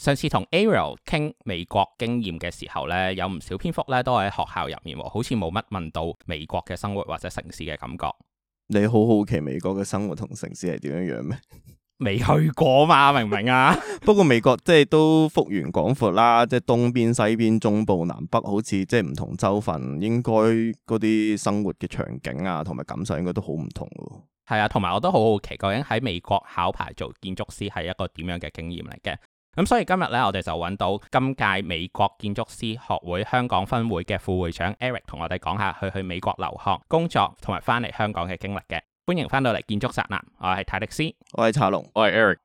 上次同 Ariel 傾美國經驗嘅時候咧，有唔少篇幅咧都喺學校入面，好似冇乜問到美國嘅生活或者城市嘅感覺。你好好奇美國嘅生活同城市係點樣樣咩？未去過嘛，明唔明啊？ 不過美國即係都幅員廣闊啦，即係東邊、西邊、中部、南北，好似即係唔同州份，應該嗰啲生活嘅場景啊，同埋感受應該都好唔同咯。係啊，同埋我都好好奇，究竟喺美國考牌做建築師係一個點樣嘅經驗嚟嘅？咁所以今日咧，我哋就揾到今屆美國建築師學會香港分會嘅副會長 Eric 同我哋講下佢去，去美國留學、工作同埋翻嚟香港嘅經歷嘅。歡迎翻到嚟建築宅男，我係泰迪斯，我係查龍，我係 Eric。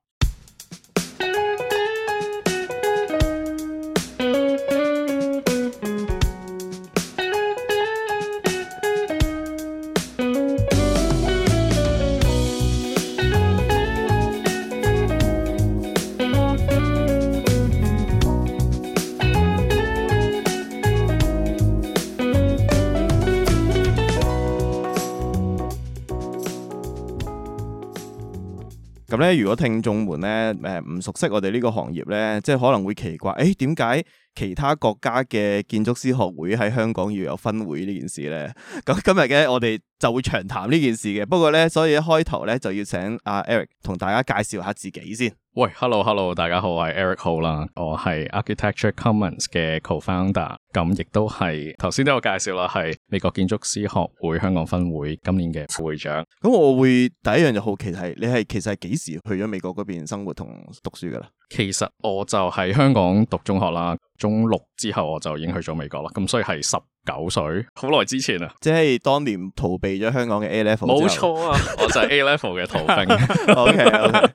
咁咧，如果聽眾們咧，誒唔熟悉我哋呢個行業咧，即係可能會奇怪，誒點解其他國家嘅建築師學會喺香港要有分會呢件事呢。咁今日嘅我哋就會長談呢件事嘅。不過呢，所以一開頭呢就要請阿 Eric 同大家介紹下自己先。喂，Hello，Hello，Hello, 大家好，我係 Eric Ho 啦，我係 Architecture Commons 嘅 Co-founder，咁亦都係頭先都有介紹啦，係美國建築師學會香港分會今年嘅副會長。咁我會第一樣就好奇係，你係其實係幾時去咗美國嗰邊生活同讀書噶啦？其實我就喺香港讀中學啦，中六之後我就已經去咗美國啦，咁所以係十九歲，好耐之前啊，即係當年逃避咗香港嘅 A level。冇錯啊，我就係 A level 嘅逃兵。 OK OK。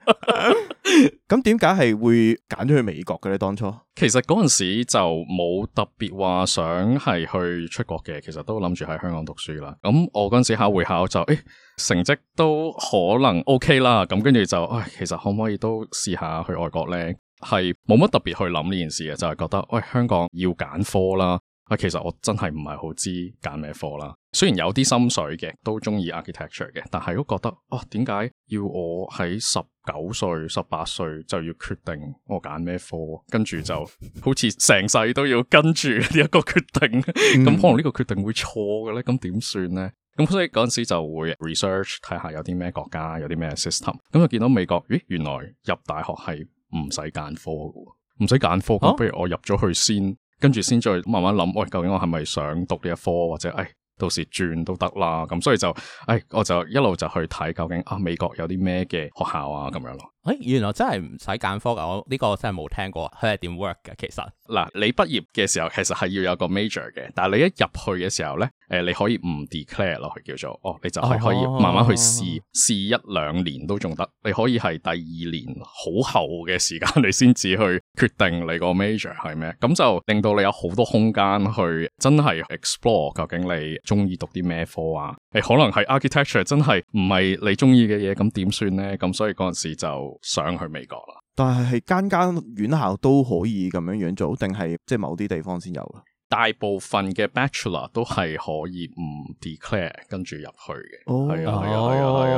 咁點解係會揀咗去美國嘅咧？當初其實嗰陣時就冇特別話想係去出國嘅，其實都諗住喺香港讀書啦。咁我嗰陣時考會考就誒。欸成績都可能 OK 啦，咁跟住就，唉、哎，其實可唔可以都試下去外國呢？係冇乜特別去諗呢件事嘅，就係、是、覺得，喂、哎，香港要揀科啦，啊，其實我真係唔係好知揀咩科啦。雖然有啲心水嘅，都中意 architecture 嘅，但係都覺得，哇、啊，點解要我喺十九歲、十八歲就要決定我揀咩科？跟住就好似成世都要跟住呢一個決定，咁 可能呢個決定會錯嘅咧，咁點算呢？咁所以嗰陣時就會 research 睇下有啲咩國家有啲咩 system，咁就見到美國，咦，原來入大學係唔使揀科噶，唔使揀科，啊、不如我入咗去先，跟住先再慢慢諗，喂，究竟我係咪想讀呢一科或者誒？哎到時轉都得啦，咁所以就，誒，我就一路就去睇究竟啊美國有啲咩嘅學校啊咁樣咯。誒，原來真係唔使揀科㗎！我呢個真係冇聽過，佢係點 work 嘅其實。嗱，你畢業嘅時候其實係要有一個 major 嘅，但係你一入去嘅時候咧，誒、呃，你可以唔 declare 落去叫做，哦，你就係可，可以慢慢去試，試、啊啊啊啊、一兩年都仲得。你可以係第二年好後嘅時間你先至去。決定你個 major 係咩，咁就令到你有好多空間去真係 explore 究竟你中意讀啲咩科啊？你、欸、可能係 architecture 真係唔係你中意嘅嘢，咁點算呢？咁所以嗰陣時就想去美國啦。但係係間間院校都可以咁樣樣做，定係即係某啲地方先有？大部分嘅 Bachelor 都係可以唔 declare 跟住入去嘅，係啊係啊係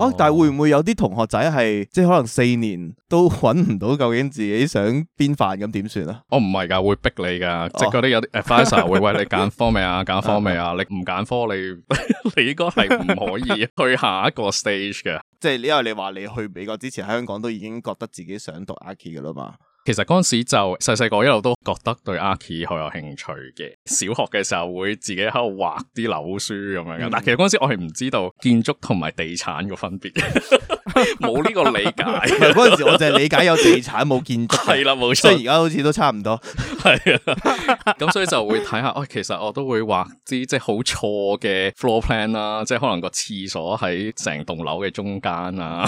啊，啊但係會唔會有啲同學仔係即係可能四年都揾唔到究竟自己想邊範咁點算啊？我唔係噶，會逼你噶，哦、即係覺得有啲 fresher 會 喂，你揀科未啊？揀科未啊？你唔揀科，科，科，你 你應該係唔可以去下一個 stage 嘅。即係因為你話你，你去美國之前喺香港都已經覺得自己想讀 Archie 嘅啦嘛。其實嗰陣時就細細個一路都覺得對 arch 好有興趣嘅，小學嘅時候會自己喺度畫啲樓書咁樣嘅，但其實嗰陣時我係唔知道建築同埋地產個分別。 冇呢 個理解，嗰陣 時我淨係理解有地產冇 建築，係啦冇錯。即係而家好似都差唔多，係啊。咁所以就會睇下，哎，其實我都會畫啲即係好錯嘅 floor plan 啦，即係可能個廁所喺成棟樓嘅中間啊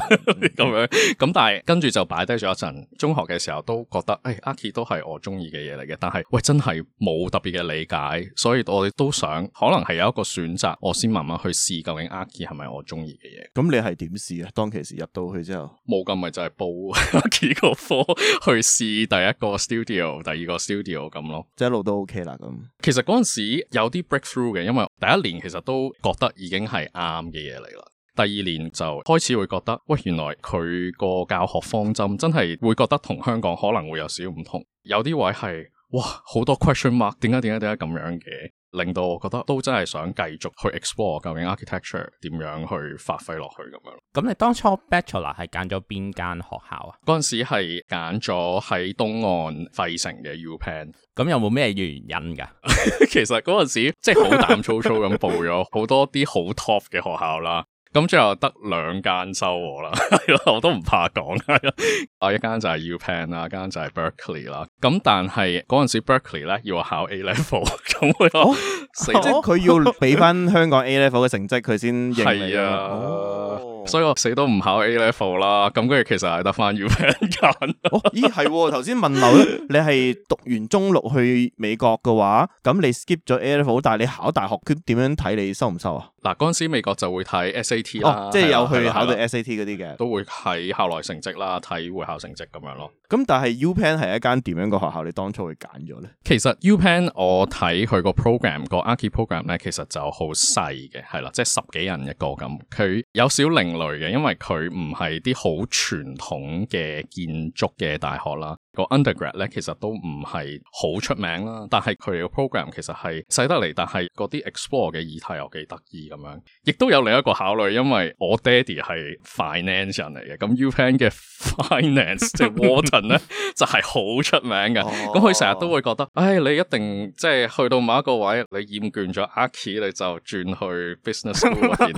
咁樣。咁但係跟住就擺低咗一陣。中學嘅時候都覺得，哎 Arkie 都係我中意嘅嘢嚟嘅。但係喂，真係冇特別嘅理解，所以我哋都想可能係有一個選擇，我先慢慢去試究竟 Arkie 係咪我中意嘅嘢。咁 你係點試咧？當其入到去之後，冇咁咪就係、是、報幾個科去試第一個 studio，第二個 studio 咁咯，一路都 OK 啦咁。其實嗰陣時有啲 breakthrough 嘅，因為第一年其實都覺得已經係啱嘅嘢嚟啦，第二年就開始會覺得，喂，原來佢個教學方針真係會覺得同香港可能會有少少唔同，有啲位係哇好多 question mark，點解點解點解咁樣嘅。令到我覺得都真係想繼續去 explore 究竟 architecture 點樣去發揮落去咁樣。咁你當初 Bachelor 係揀咗邊間學校啊？嗰陣時係揀咗喺東岸費城嘅 UPenn。咁有冇咩原因噶？ 其實嗰陣時即係好膽粗粗咁報咗好 多啲好 top 嘅學校啦。咁最後得兩間收我啦，係咯，我都唔怕講。 我一間就係 UPenn 啦，一間就係 Berkeley 啦。咁但係嗰陣時 Berkeley 咧要我考 A Level，咁 我就、哦、死，哦、 即佢要俾翻香港 A Level 嘅成績，佢先認你。係啊，哦、所以我死都唔考 A Level 啦。咁跟住其實係得翻 UPenn 間。哦， 咦，係頭先問漏， 你係讀完中六去美國嘅話，咁你 skip 咗 A Level，但係你考大學，佢點樣睇你收唔收啊？嗱，陣時美國就會睇 S A T 哦，oh, 啦即係有去考到 S A T 嗰啲嘅，都會睇校內成績啦，睇會考成績咁樣咯。咁、嗯、但係 UPenn 係一間點樣嘅學校？你當初會揀咗呢？其實 UPenn 我睇佢個 program 個 Archi program 咧，其實就好細嘅，係啦，即係十幾人一個咁。佢有少另類嘅，因為佢唔係啲好傳統嘅建築嘅大學啦。個 undergrad 咧，其實都唔係好出名啦，但係佢個 program 其實係細得嚟，但係嗰啲 explore 嘅議題又幾得意咁樣。亦都有另一個考慮，因為我爹哋係 finance 人嚟嘅，咁 UPenn 嘅 finance 即係 water。 咧 就係好出名嘅，咁佢成日都會覺得，唉、哎，你一定即係去到某一個位，你厭倦咗 Aki，你就轉去 business 部啦，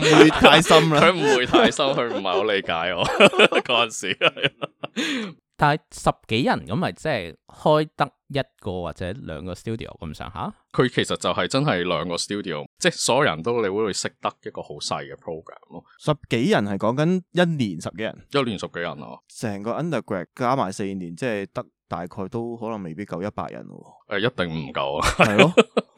唔 會太深啦，佢唔會太深，佢唔係好理解我嗰陣 時候。 但係十幾人咁，咪即係開得一個或者兩個 studio 咁，啊、上下？佢其實就係真係兩個 studio，即係所有人都你會，會識得一個好細嘅 program 咯。十幾人係講緊一年十幾人，一年十幾人啊！成個 undergrad 加埋四年，即、就、係、是、得大概都可能未必夠一百人咯。誒、欸，一定唔夠啊！嗯 係咯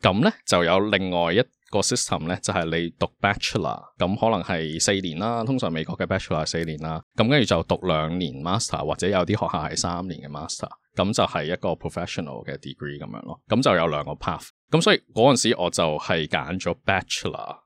咁咧就有另外一個 system 咧，就係你讀 bachelor，咁可能係四年啦，通常美國嘅 bachelor 係四年啦，咁跟住就讀兩年 master 或者有啲學校係三年嘅 master，咁就係一個 professional 嘅 degree 咁樣咯，咁就有兩個 path，咁所以嗰陣時我就係揀咗 bachelor。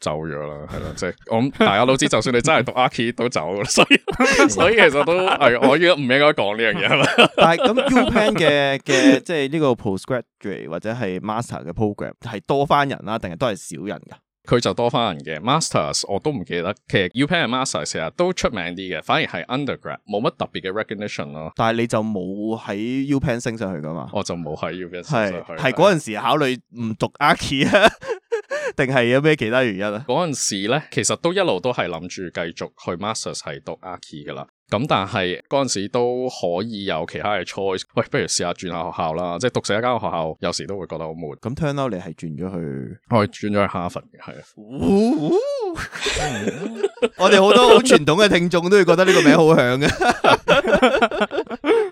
走咗啦。係啦，即、就、係、是、我諗大家都知， 就算你真係讀 Archi 都走，所以 所以其實都係我依家唔應該講呢樣嘢。 但係咁 UPenn 嘅嘅即係呢個 postgraduate 或者係 master 嘅 program 係多翻人啦、啊，定係都係少人噶？佢就多翻人嘅 masters，我都唔記得。其實 UPenn 嘅 master 成日都出名啲嘅，反而係 undergrad 冇乜特別嘅 recognition 咯。但係你就冇喺 UPenn 升上去噶嘛？我就冇喺 UPenn 升上去，係嗰陣時考慮唔讀 Archi 啊。定係有咩其他原因啊？嗰陣時咧，其實都一路都係諗住繼續去 Master's 係讀 Archi 噶啦。咁但係嗰陣時都可以有其他嘅 choice。喂，不如試下轉下學校啦，即係讀成一間學校，有時都會覺得好悶。咁 turn out 你係轉咗去，我係轉咗去哈佛嘅，係啊。我哋好多好傳統嘅聽眾都會覺得呢個名好響嘅。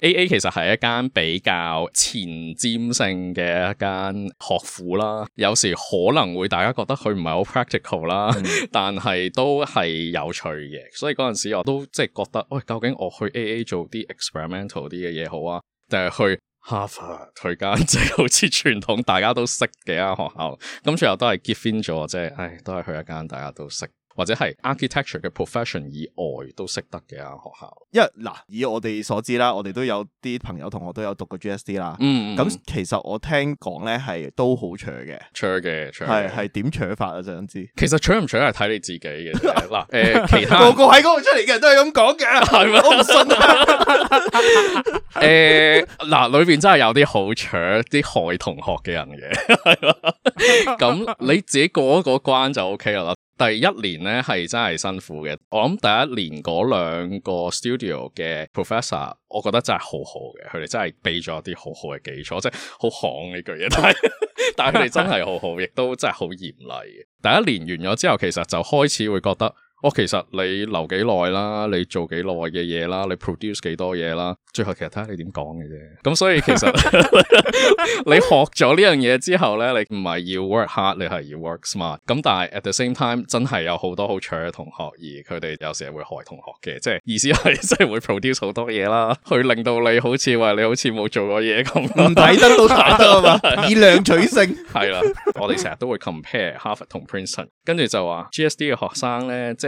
A A 其實係一間比較前瞻性嘅一間學府啦，有時可能會大家覺得佢唔係好 practical 啦，但係都係有趣嘅，所以嗰陣時我都即係覺得，喂、哎，究竟我去 A A 做啲 experimental 啲嘅嘢好啊，定係去哈佛去間即係好似傳統大家都識嘅一間學校，咁、嗯、最後都係 give in 咗，即係，唉，都係去一間大家都識。或者係 architecture 嘅 profession 以外都識得嘅、啊、學校，因為嗱以我哋所知啦，我哋都有啲朋友同學都有讀過 GSD 啦。嗯，咁其實我聽講咧係都好 chur 嘅，chur 嘅，係係點 chur 法啊？想知？其實 chur 唔 chur 係睇你自己嘅。嗱，誒，其他個個喺嗰度出嚟嘅人都係咁講嘅，係咪？我唔信啊。誒 呃，嗱，裏邊真係有啲好 chur 啲害同學嘅人嘅，係 咁 你自己過一嗰關就 OK 啦。第一年咧係真係辛苦嘅，我諗第一年嗰兩個 studio 嘅 professor，我覺得真係好好嘅，佢哋真係備咗啲好好嘅基礎，即係好行呢句嘢。但係 但係佢哋真係好好，亦都真係好嚴厲嘅。第一年完咗之後，其實就開始會覺得。我、哦、其實你留幾耐啦，你做幾耐嘅嘢啦，你 produce 幾多嘢啦，最後其實睇下你點講嘅啫。咁所以其實 你學咗呢樣嘢之後咧，你唔係要 work hard，你係要 work smart。咁但係 at the same time，真係有好多好蠢嘅同學，而佢哋有時會害同學嘅，即係意思係真係會 produce 好多嘢啦，去令到你好似話你好似冇做過嘢咁，唔抵得到得啊嘛，以量取勝。係啦，我哋成日都會 compare Harvard 同 Princeton，跟住就話 GSD 嘅學生咧，即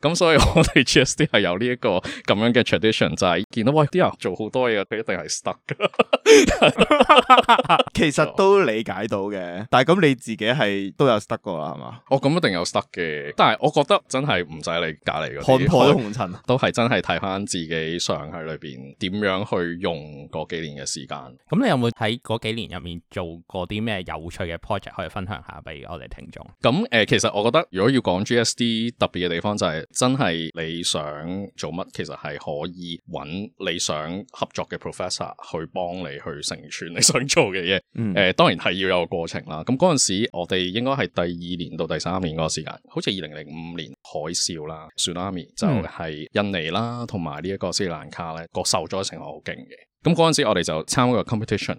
咁所以我哋 GSD 係有呢一個咁樣嘅 tradition，就係見到喂啲人做好多嘢，佢一定係 stuck 嘅。 其實都理解到嘅，但係咁你自己係都有 stuck 過啦，係嘛？我咁、哦、一定有 stuck 嘅，但係我覺得真係唔使你隔籬嗰看破紅塵都係真係睇翻自己上去裏邊點樣去用嗰幾年嘅時間。咁你有冇喺嗰幾年入面做過啲咩有趣嘅 project 可以分享下，俾我哋聽眾？咁誒、呃，其實我覺得如果要講 GSD 特別嘅地方就係、是。真係你想做乜，其實係可以揾你想合作嘅 professor 去幫你去成全你想做嘅嘢。誒、嗯呃，當然係要有個過程啦。咁嗰陣時，我哋應該係第二年到第三年嗰個時間，好似二零零五年海嘯啦，tsunami，嗯，就係印尼啦，同埋呢一個斯里蘭卡咧，個受災情況好勁嘅。咁嗰陣時，我哋就參加個 competition。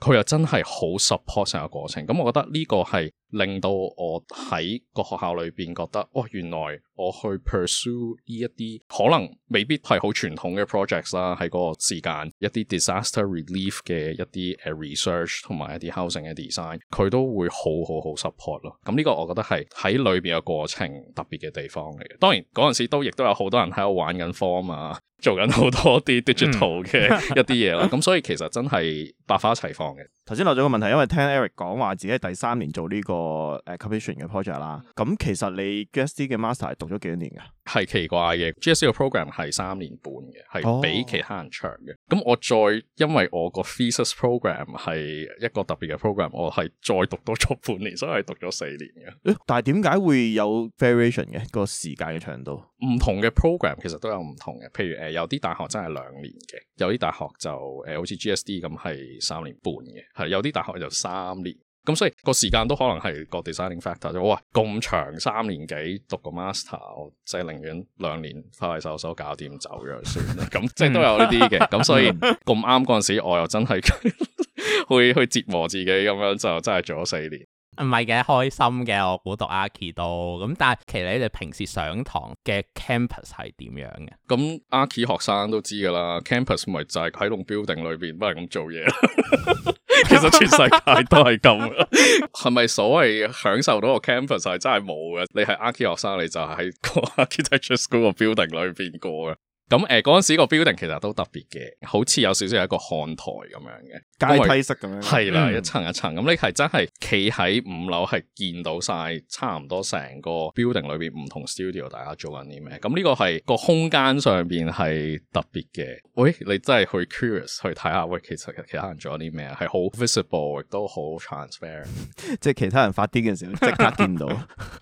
佢又真係好 support 成個過程，咁我覺得呢個係令到我喺個學校裏邊覺得，哇、哦！原來我去 pursue 呢一啲可能未必係好傳統嘅 projects 啦，喺個時間一啲 disaster relief 嘅一啲 research 同埋一啲 housing 嘅 design，佢都會好好好 support 咯。咁呢個我覺得係喺裏邊嘅過程特別嘅地方嚟嘅。當然嗰陣時都亦都有好多人喺度玩緊 form 啊嘛。做緊好多啲 digital 嘅一啲嘢啦，咁 所以其實真係百花齊放嘅。頭先落咗個問題，因為聽 Eric 講話自己係第三年做呢個誒 commission 嘅 project 啦，咁其實你 GSD 嘅 master 係讀咗幾多年噶？係奇怪嘅 GSD 嘅 program 係三年半嘅，係比其他人長嘅。咁、哦、我再因為我個 thesis program 係一個特別嘅 program，me, 我係再讀多咗半年，所以係讀咗四年嘅。但係點解會有 variation 嘅、個時間嘅長度？唔同嘅 program 其實都有唔同嘅，譬如有啲大學真係兩年嘅，有啲大學就誒，好似 GSD 咁係三年半嘅，係有啲大學就三年，咁所以個時間都可能係個 designing factor 就哇咁長三年幾讀個 master，我即係寧願兩年快快手手搞掂走咗算啦，咁即係都有呢啲嘅，咁 所以咁啱嗰陣時我又真係去去折磨自己咁樣就真係做咗四年。唔係嘅，開心嘅，我估讀 Archie 都咁，但係其實你哋平時上堂嘅 campus 係點樣嘅？咁 Archie 學生都知噶啦，campus 咪就係喺棟 building 裏邊，唔係咁做嘢。其實全世界都係咁。係咪所謂享受到個 campus 係真係冇嘅？你係 Archie 學生，你就喺 Architecture School 個 building 裏邊過嘅。咁誒嗰陣時個 building 其實都特別嘅，好似有少少一個看台咁樣嘅階梯式咁樣，係啦為、嗯、一層一層咁，你係真係企喺五樓係見到晒差唔多成個 building 裏邊唔同 studio 大家做緊啲咩，咁呢個係個空間上邊係特別嘅。喂、哎，你真係去 curious 去睇下喂，其實其他人做緊啲咩係好 visible 亦都好 transparent， 即係其他人發癲嘅時候即刻見到，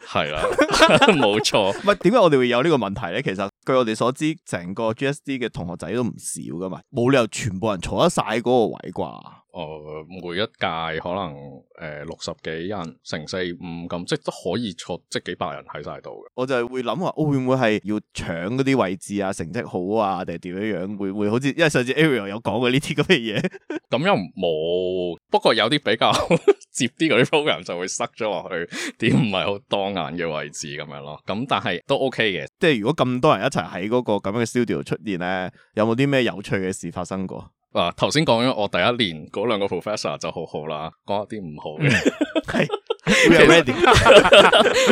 係啦 是的，冇 錯。喂，係點解我哋會有呢個問題咧？其實據我哋所知，整。個 GSD 嘅同學仔都唔少噶嘛，冇理由全部人坐得曬嗰個位啩。誒、呃，每一屆可能誒、呃、六十幾人，成四五咁，即都可以坐，即係幾百人喺晒度嘅。我就係會諗話，會唔會係要搶嗰啲位置啊？成績好啊，定係點樣樣？會會好似，因為上次 Ariel 有講過呢啲咁嘅嘢。咁又冇，不過有啲比較 接啲嗰啲 program 就會塞咗落去，點唔係好當眼嘅位置咁樣咯。咁但係都 OK 嘅。即係如果咁多人一齊喺嗰個咁樣嘅 studio 出現咧，有冇啲咩有趣嘅事發生過？嗱，頭先講咗我第一年嗰兩個 professor 就好好啦，講一啲唔好嘅，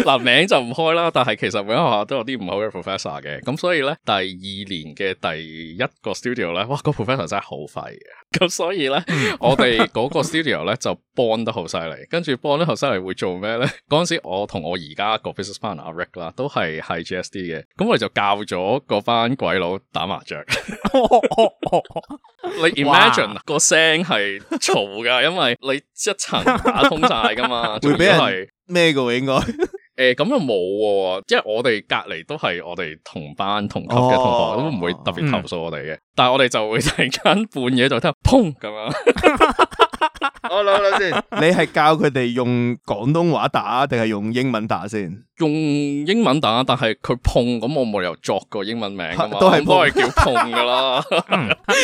嗱名就唔開啦，但係其實每間學校都有啲唔好嘅 professor 嘅，咁所以咧，第二年嘅第一個 studio 咧，哇，個 professor 真係好廢嘅。咁所以咧， 我哋嗰個 studio 咧就幫得好犀利，跟住幫得好犀利會做咩咧？嗰 陣時我同我而家個 business partner Rick 啦，都係係 GSD 嘅，咁我哋就教咗嗰班鬼佬打麻雀。 你 imagine 哇個聲係嘈噶，因為你一層打通晒噶嘛， 會俾人咩噶喎？應該。 誒，咁又冇，即係我哋隔籬都係我哋同班同級嘅同、哦、同學，都唔會特別投訴我哋嘅。嗯、但係我哋就會突然間半夜就聽到砰咁樣！我諗先，你係教佢哋用廣東話打定係用英文打先？用英文打，但係佢碰咁我冇理由作個英文名啊，都係都係叫碰噶啦，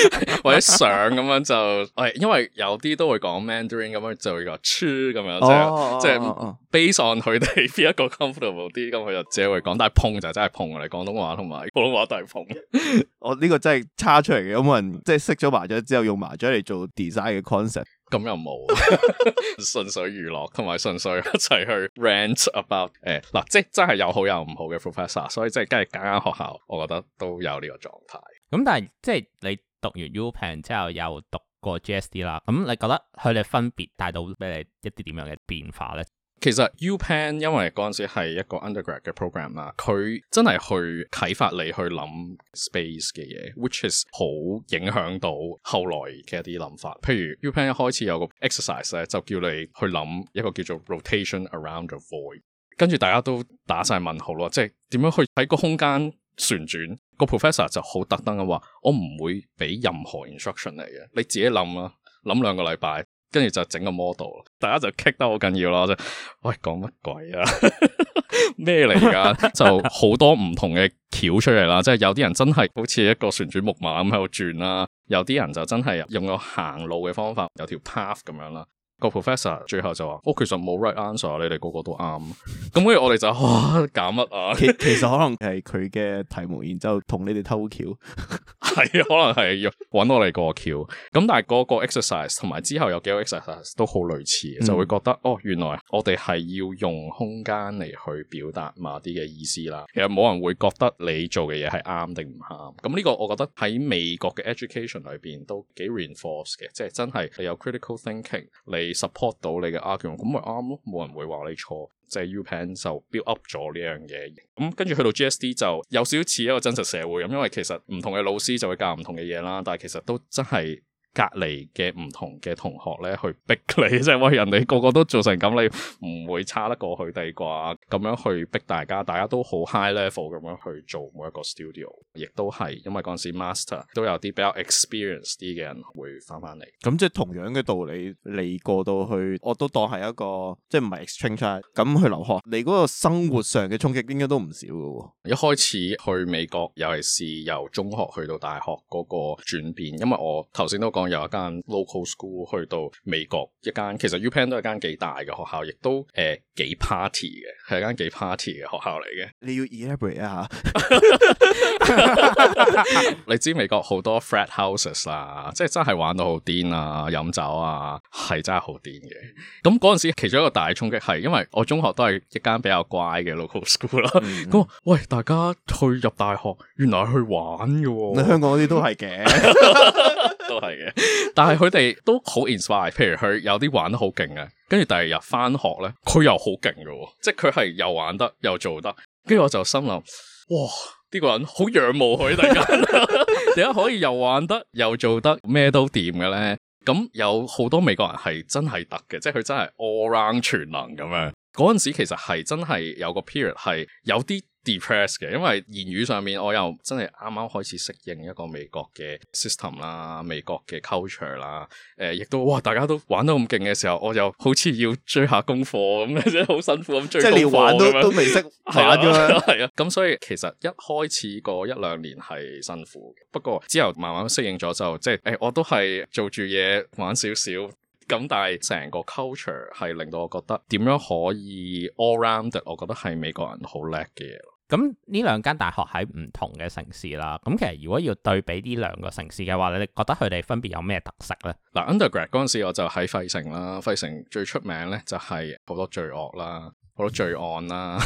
或者上咁樣就，誒、哎，因為有啲都會講 Mandarin 咁樣就會個 chu 咁樣，哦、即係、哦、即係、哦、based on 佢哋邊一個 comfortable 啲，咁佢就自己會講，但係碰就真係碰嚟，廣東話同埋普通話都係碰。 我呢個真係差出嚟嘅，有冇人即係識咗麻雀之後用麻雀嚟做 design 嘅 concept？咁又冇，純粹娛樂同埋純粹一齊去 rant about 誒、欸即係真係有好有唔好嘅 professor，所以即係梗係間間學校，我覺得都有呢個狀態。咁但係即係你讀完 UPenn 之後又讀過 GSD 啦，咁你覺得佢哋分別帶到俾你一啲點樣嘅變化咧？其實 UPenn 因為嗰陣時係一個 undergrad 嘅 program 啦，佢真係去啟發你去諗 space 嘅嘢，which is 好影響到後來嘅一啲諗法。譬如 UPenn 一開始有個 exercise 咧，就叫你去諗一個叫做 rotation around a void。跟住大家都打晒問號咯，即係點樣去喺個空間旋轉？ 個 professor 就好特登嘅話，我唔會俾任何 instruction 嚟嘅，你自己諗啦，啊，諗兩個禮拜，跟住就整個 model。大家就 kick 得好緊要啦，即係喂講乜鬼啊？咩嚟㗎？ 就好多唔同嘅橋出嚟啦，即係有啲人真係好似一個旋轉木馬咁喺度轉啦，有啲人就真係用個行路嘅方法，有條 path 咁樣啦。個 professor 最後就話，我、哦、其實冇 right answer，你哋個個都啱。咁跟住我哋就搞乜啊？ 其其實可能係佢嘅題目，然之後同你哋偷橋。 係， 可能係要揾我哋過橋。咁但係嗰個 exercise 同埋之後有幾個 exercise 都好類似，就會覺得、嗯、哦，原來我哋係要用空間嚟去表達某啲嘅意思啦。其實冇人會覺得你做嘅嘢係啱定唔啱。咁呢個我覺得喺美國嘅 education 裏邊都幾 reinforce 嘅，即係真係你有 critical thinking，你 support 到你嘅 argument，咁咪啱咯，冇人會話你錯。就係 UPenn 就 build up 咗呢樣嘢，咁跟住去到 GSD 就有少少似一個真實社會，咁、嗯，因為其實唔同嘅老師就會教唔同嘅嘢啦，但係其實都真係。隔籬嘅唔同嘅同學咧，去逼你，即係話人哋個個都做成咁，你唔會差得過佢哋啩？咁樣去逼大家，大家都好 high level 咁樣去做每一個 studio，亦都係因為嗰陣時 master 都有啲比較 experienced 啲嘅人會翻翻嚟。咁即係同樣嘅道理，你過到去，我都當係一個即係唔係 exchange 咁去留學，你嗰個生活上嘅衝擊應該都唔少噶。一開始去美國，尤其是由中學去到大學嗰個轉變，因為我頭先都講。有一間 local school 去到美國一間，其實 UPenn 都係一間幾大嘅學校，亦都誒幾、呃、party 嘅，係一間幾 party 嘅學校嚟嘅。你要 elaborate 一下 你知美國好多 frat houses 啊，即係真係玩到好癲啊，飲酒啊，係真係好癲嘅。咁嗰陣時其中一個大衝擊係，因為我中學都係一間比較乖嘅 local school 啦、啊。咁、嗯、 喂，大家去入大學，原來去玩嘅喎、啊。你香港嗰啲都係嘅， 都係嘅。 但係佢哋都好 inspire，譬如佢有啲玩得好勁嘅，跟住第二日翻學咧，佢又好勁嘅，即係佢係又玩得又做得，跟住我就心諗，哇！呢個人好仰慕佢，突然間點解可以又玩得又做得咩都掂嘅咧？咁有好多美國人係真係得嘅，即係佢真係 all round 全能咁樣。嗰陣時其實係真係有個 period 係有啲 depressed 嘅，Dep ressed, 因為言語上面我又真係啱啱開始適應一個美國嘅 system 啦，美國嘅 culture 啦，誒、呃，亦都哇，大家都玩得咁勁嘅時候，我又好似要追下功課咁，即係好辛苦咁追功課即係你玩都都未識玩噶，係 啊，咁、啊啊、 所以其實一開始嗰一兩年係辛苦嘅，不過之後慢慢適應咗就即係，誒、欸，我都係做住嘢玩少少。咁但係成個 culture 係令到我覺得點樣可以 all round 我覺得係美國人好叻嘅嘢。咁呢兩間大學喺唔同嘅城市啦。咁、嗯、其實如果要對比啲兩個城市嘅話，你覺得佢哋分別有咩特色呢？嗱、嗯、 ，undergrad 嗰陣時我就喺費城啦，費城最出名呢，就係好多罪惡啦。好多罪案啦，啊，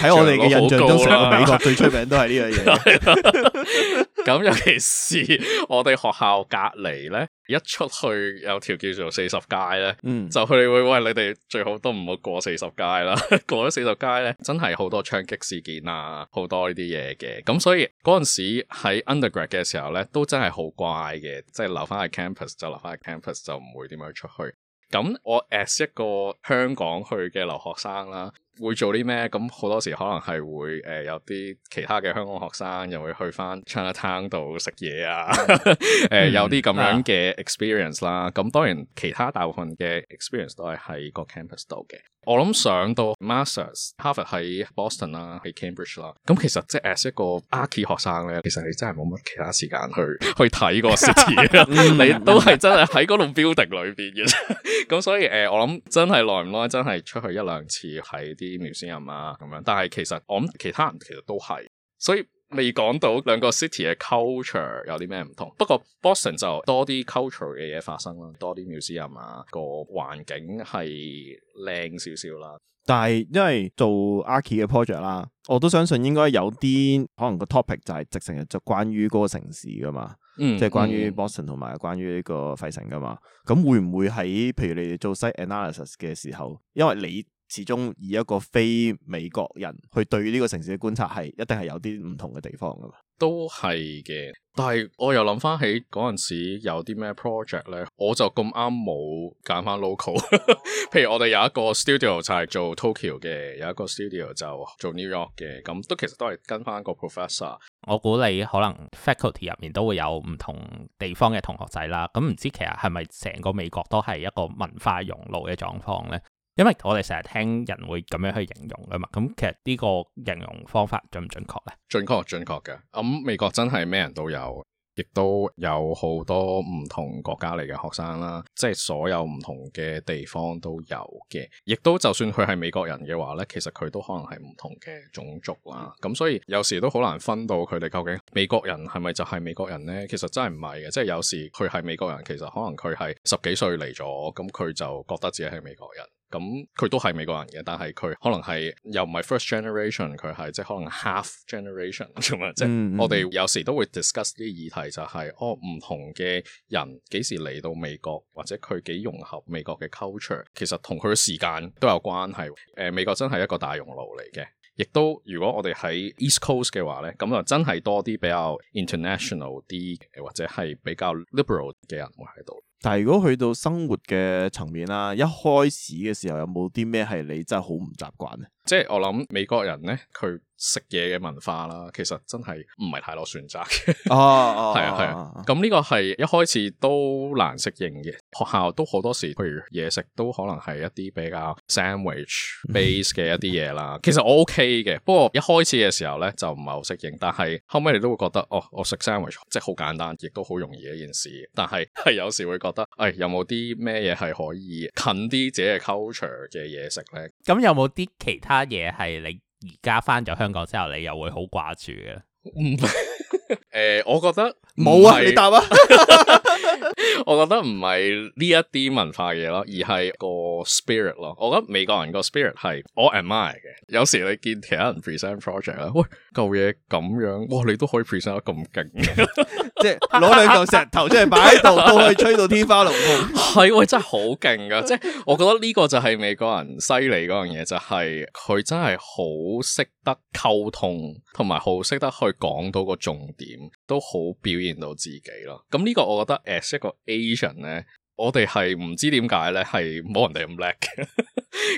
喺我哋嘅印象中，美國最出名都係呢樣嘢。咁尤其是我哋學校隔籬咧，一出去有條叫做四十街咧，嗯，就佢哋會喂你哋最好都唔好過四十街啦。 過咗四十街咧，真係好多槍擊事件啊，好多呢啲嘢嘅。咁所以嗰陣時喺 undergrad 嘅時候咧，都真係好乖嘅，即係留翻喺 campus 就留翻喺 campus，就唔會點樣出去。咁我 as 一個香港去嘅留學生啦。會做啲咩？咁好多時可能係會誒、呃、有啲其他嘅香港學生又會去返 Chinatown 度食嘢啊，誒、 呃、有啲咁樣嘅 experience 啦。咁 當然其他大部分嘅 experience 都係喺個 campus 度嘅。我諗上到 masters 哈佛喺 Boston 啦，喺 Cambridge 啦。咁其實即係 as 一個 archi 學生咧，其實你真係冇乜其他時間去去睇個 city，你都係真係喺嗰度 building 裏邊嘅。咁所以誒、呃，我諗真係耐唔耐真係出去一兩次喺啲。啲 museum 啊，咁樣，但係其實我諗其他人其實都係，所以未講到兩個 city 嘅 culture 有啲咩唔同。不過 Boston 就多啲 culture 嘅嘢發生啦，多啲 museum 啊，個環境係靚少少啦。但係因為做 arche 嘅 project 啦，我都相信應該有啲可能個 topic 就係直情就關於嗰個城市噶嘛，即係、嗯、關於 Boston 同埋關於呢個費城噶嘛。咁會唔會喺譬如你哋做 site analysis 嘅時候，因為你？始終以一個非美國人去對呢個城市嘅觀察係，一定係有啲唔同嘅地方噶嘛。都係嘅，但係我又諗翻起嗰陣時有啲咩 project 咧，我就咁啱冇揀翻 local。 譬如我哋有一個 studio 就係做 Tokyo、ok、嘅，有一個 studio 就做 New York 嘅，咁都其實都係跟翻個 professor。我估你可能 faculty 入面都會有唔同地方嘅同學仔啦。咁唔知其實係咪成個美國都係一個文化熔爐嘅狀況咧？因為我哋成日聽人會咁樣去形容噶嘛，咁其實呢個形容方法準唔準確咧？準確準確嘅，咁，嗯，美國真係咩人都有，亦都有好多唔同國家嚟嘅學生啦，即係所有唔同嘅地方都有嘅，亦都就算佢係美國人嘅話咧，其實佢都可能係唔同嘅種族啦。咁，嗯，所以有時都好難分到佢哋究竟美國人係咪就係美國人咧？其實真係唔係嘅，即係有時佢係美國人，其實可能佢係十幾歲嚟咗，咁佢就覺得自己係美國人。咁佢、嗯嗯、都係美國人嘅，但係佢可能係又唔係 first generation，佢係即係可能 half generation 咁啊！即係我哋有時都會 discuss 啲議題、就係，就係哦，唔同嘅人幾時嚟到美國，或者佢幾融合美國嘅 culture，其實同佢嘅時間都有關係。誒、呃，美國真係一個大熔爐嚟嘅，亦都如果我哋喺 East Coast 嘅話咧，咁就真係多啲比較 international 啲，或者係比較 liberal 嘅人會喺度。但係如果去到生活嘅層面啦，一開始嘅時候有冇啲咩係你真係好唔習慣咧？即係我諗美國人咧佢。食嘢嘅文化啦，其實真係唔係太多選擇嘅。哦 哦、oh, oh, oh，係啊，係啊。咁呢個係一開始都難適應嘅。學校都好多時，譬如嘢食都可能係一啲比較 sandwich base 嘅一啲嘢啦。 其實我 OK 嘅，不過一開始嘅時候呢，就唔係好適應。但係後尾你都會覺得，哦，我食 sandwich 即係好簡單，亦都好容易一件事。但係係有時會覺得，誒、哎，有冇啲咩嘢係可以近啲自己嘅 culture 嘅嘢食呢？咁有冇啲其他嘢係你？而家翻咗香港之後，你又會好掛住嘅？唔，誒，我覺得冇啊，你答啊。 我覺得唔係呢一啲文化嘢咯，而係個 spirit 咯。我覺得美國人個 spirit 係，我 am I 嘅。有時你見其他人 present project 啦，喂，舊嘢咁樣，哇，你都可以 present 得咁勁， 即係攞兩嚿石頭即係擺喺度，過去吹到天花龍鋪，係， 喂，真係好勁噶。 即係我覺得呢個就係美國人犀利嗰樣嘢，就係、是、佢真係好識得溝通，同埋好識得去講到個重點，都好表現到自己咯。咁呢個我覺得 as 一個。Asian 咧，我哋係唔知點解咧，係冇人哋咁叻嘅。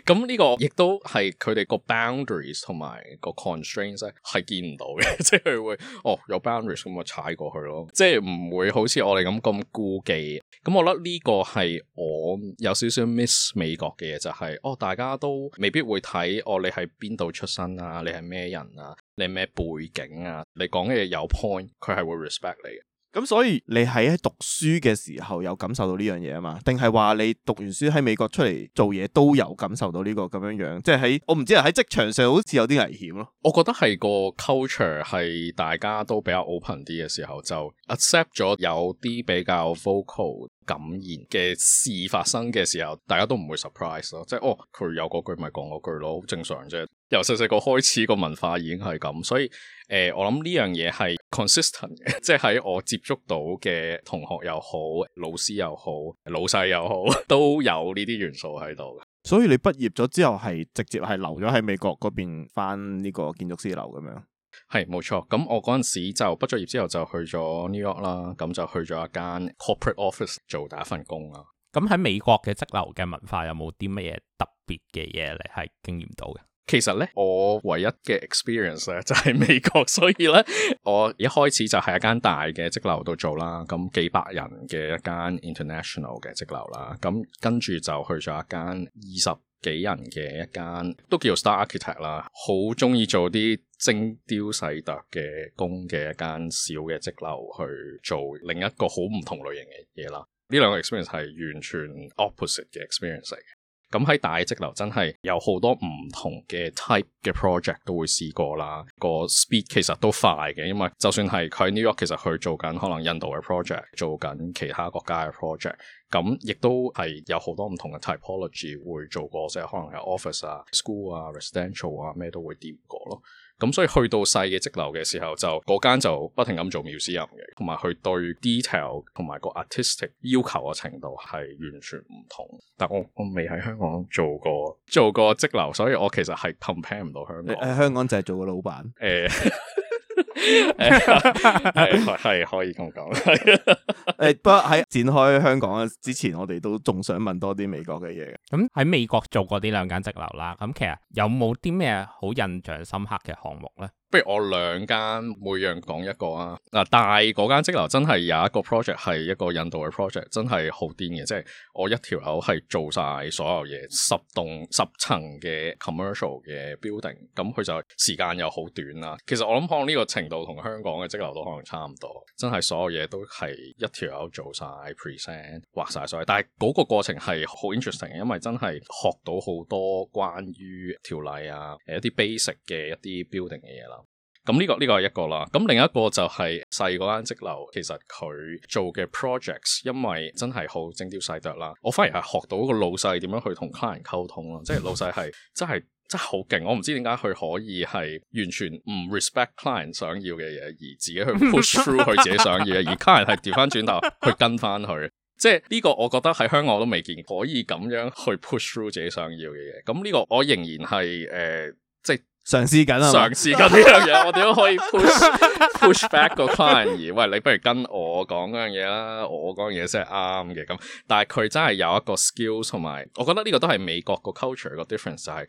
咁呢個亦都係佢哋個 boundaries 同埋個 constraints 係見唔到嘅，即 係會哦有 boundaries 咁就踩過去咯，即係唔會好似我哋咁咁顧忌。咁我覺得呢個係我有少少 miss 美國嘅嘢，就係哦，大家都未必會睇我、哦、你係邊度出身啊，你係咩人啊，你咩背景啊，你講嘅嘢有 point，佢係會 respect 你嘅。咁所以你喺讀書嘅時候有感受到呢樣嘢啊嘛？定係話你讀完書喺美國出嚟做嘢都有感受到呢個咁樣樣？即係喺我唔知喺職場上好似有啲危險咯。我覺得係個 culture 係大家都比較 open 啲嘅時候，就 accept 咗有啲比較 vocal 敢言嘅事發生嘅時候，大家都唔會 surprise 咯。即係哦，佢有嗰句咪講嗰句咯，好正常啫。由細細個開始個文化已經係咁，所以誒、呃，我諗呢樣嘢係。consistent 嘅，consistent，即係喺我接觸到嘅同學又好，老師又好，老細又好，都有呢啲元素喺度。所以你畢業咗之後，係直接係留咗喺美國嗰邊翻呢個建築師樓咁樣？係，冇錯。咁我嗰陣時就畢咗業之後就去咗 New York 啦，咁就去咗一間 corporate office 做第一份工啦。咁喺美國嘅職流嘅文化有冇啲乜嘢特別嘅嘢你係經驗到嘅？其實咧，我唯一嘅 experience 咧就係美國，所以咧我一開始就喺一間大嘅則樓度做啦，咁幾百人嘅一間 international 嘅則樓啦，咁跟住就去咗一間二十幾人嘅一間，都叫 Star Architect 啦，好中意做啲精雕細琢嘅工嘅一間小嘅則樓去做另一個好唔同類型嘅嘢啦，呢兩個 experience 係完全 opposite 嘅 experience 嚟嘅。咁喺大則樓真係有好多唔同嘅 type 嘅 project 都會試過啦，個 speed 其實都快嘅，因為就算係佢 New York 其實佢做緊可能印度嘅 project，做緊其他國家嘅 project，咁亦都係有好多唔同嘅 typology 會做過，即係可能係 office 啊、school 啊、residential 啊咩都會掂過咯。咁所以去到細嘅則樓嘅時候，就嗰間就不停咁做 museum 嘅，同埋佢對 detail 同埋個 artistic 要求嘅程度係完全唔同。但我我未喺香港做過做過則樓，所以我其實係 compare 唔到香港。喺香港就係做個老闆。誒。 係可以咁講。誒，不過喺展開香港之前，我哋都仲想問多啲美國嘅嘢。咁喺美國做過啲兩間直流啦。咁其實有冇啲咩好印象深刻嘅項目咧？不如我兩間每樣講一個啊！嗱，但嗰間則樓真係有一個 project 係一個印度嘅 project，真係好癲嘅，即係我一條友係做晒所有嘢，十棟十層嘅 commercial 嘅 building，咁佢就時間又好短啦。其實我諗可能呢個程度同香港嘅則樓都可能差唔多，真係所有嘢都係一條友做晒 present 畫曬曬。但係嗰個過程係好 interesting，因為真係學到好多關於條例啊，誒一啲 basic 嘅一啲 building 嘅嘢啦。咁呢個呢個係一個啦，咁另一個就係細嗰間則樓，其實佢做嘅 projects，因為真係好精雕細琢啦。我反而係學到個老細點樣去同 client 溝通咯，即係老細係真係真係好勁。我唔知點解佢可以係完全唔 respect client 想要嘅嘢，而自己去 push through 佢自己想要嘅， 而 client 係調翻轉頭去跟翻佢。即係呢個我覺得喺香港我都未見可以咁樣去 push through 自己想要嘅嘢。咁呢個我仍然係誒。呃嘗試緊啊！嘗試緊呢樣嘢，我點樣可以 push push back 個 client？而喂，你不如跟我講嗰樣嘢啦，我講嘢先係啱嘅。咁，但係佢真係有一個 skills 同埋，我覺得呢個都係美國 ulture, 個 culture 個 difference 就係、是。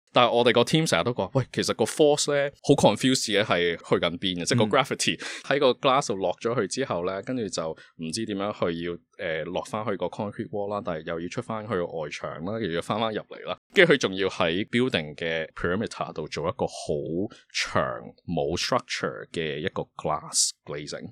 但係我哋個 team 成日都講，喂，其實個 force 咧好 confuse 嘅，係去緊邊嘅，即係個 gravity 喺、嗯、個 glass 度落咗去之後咧，跟住就唔知點樣去要誒、呃、落翻去個 concrete wall 啦，但係又要出翻去外牆啦，又要翻翻入嚟啦，跟住佢仲要喺 building 嘅 perimeter 度做一個好長冇 structure 嘅一個 glass glazing。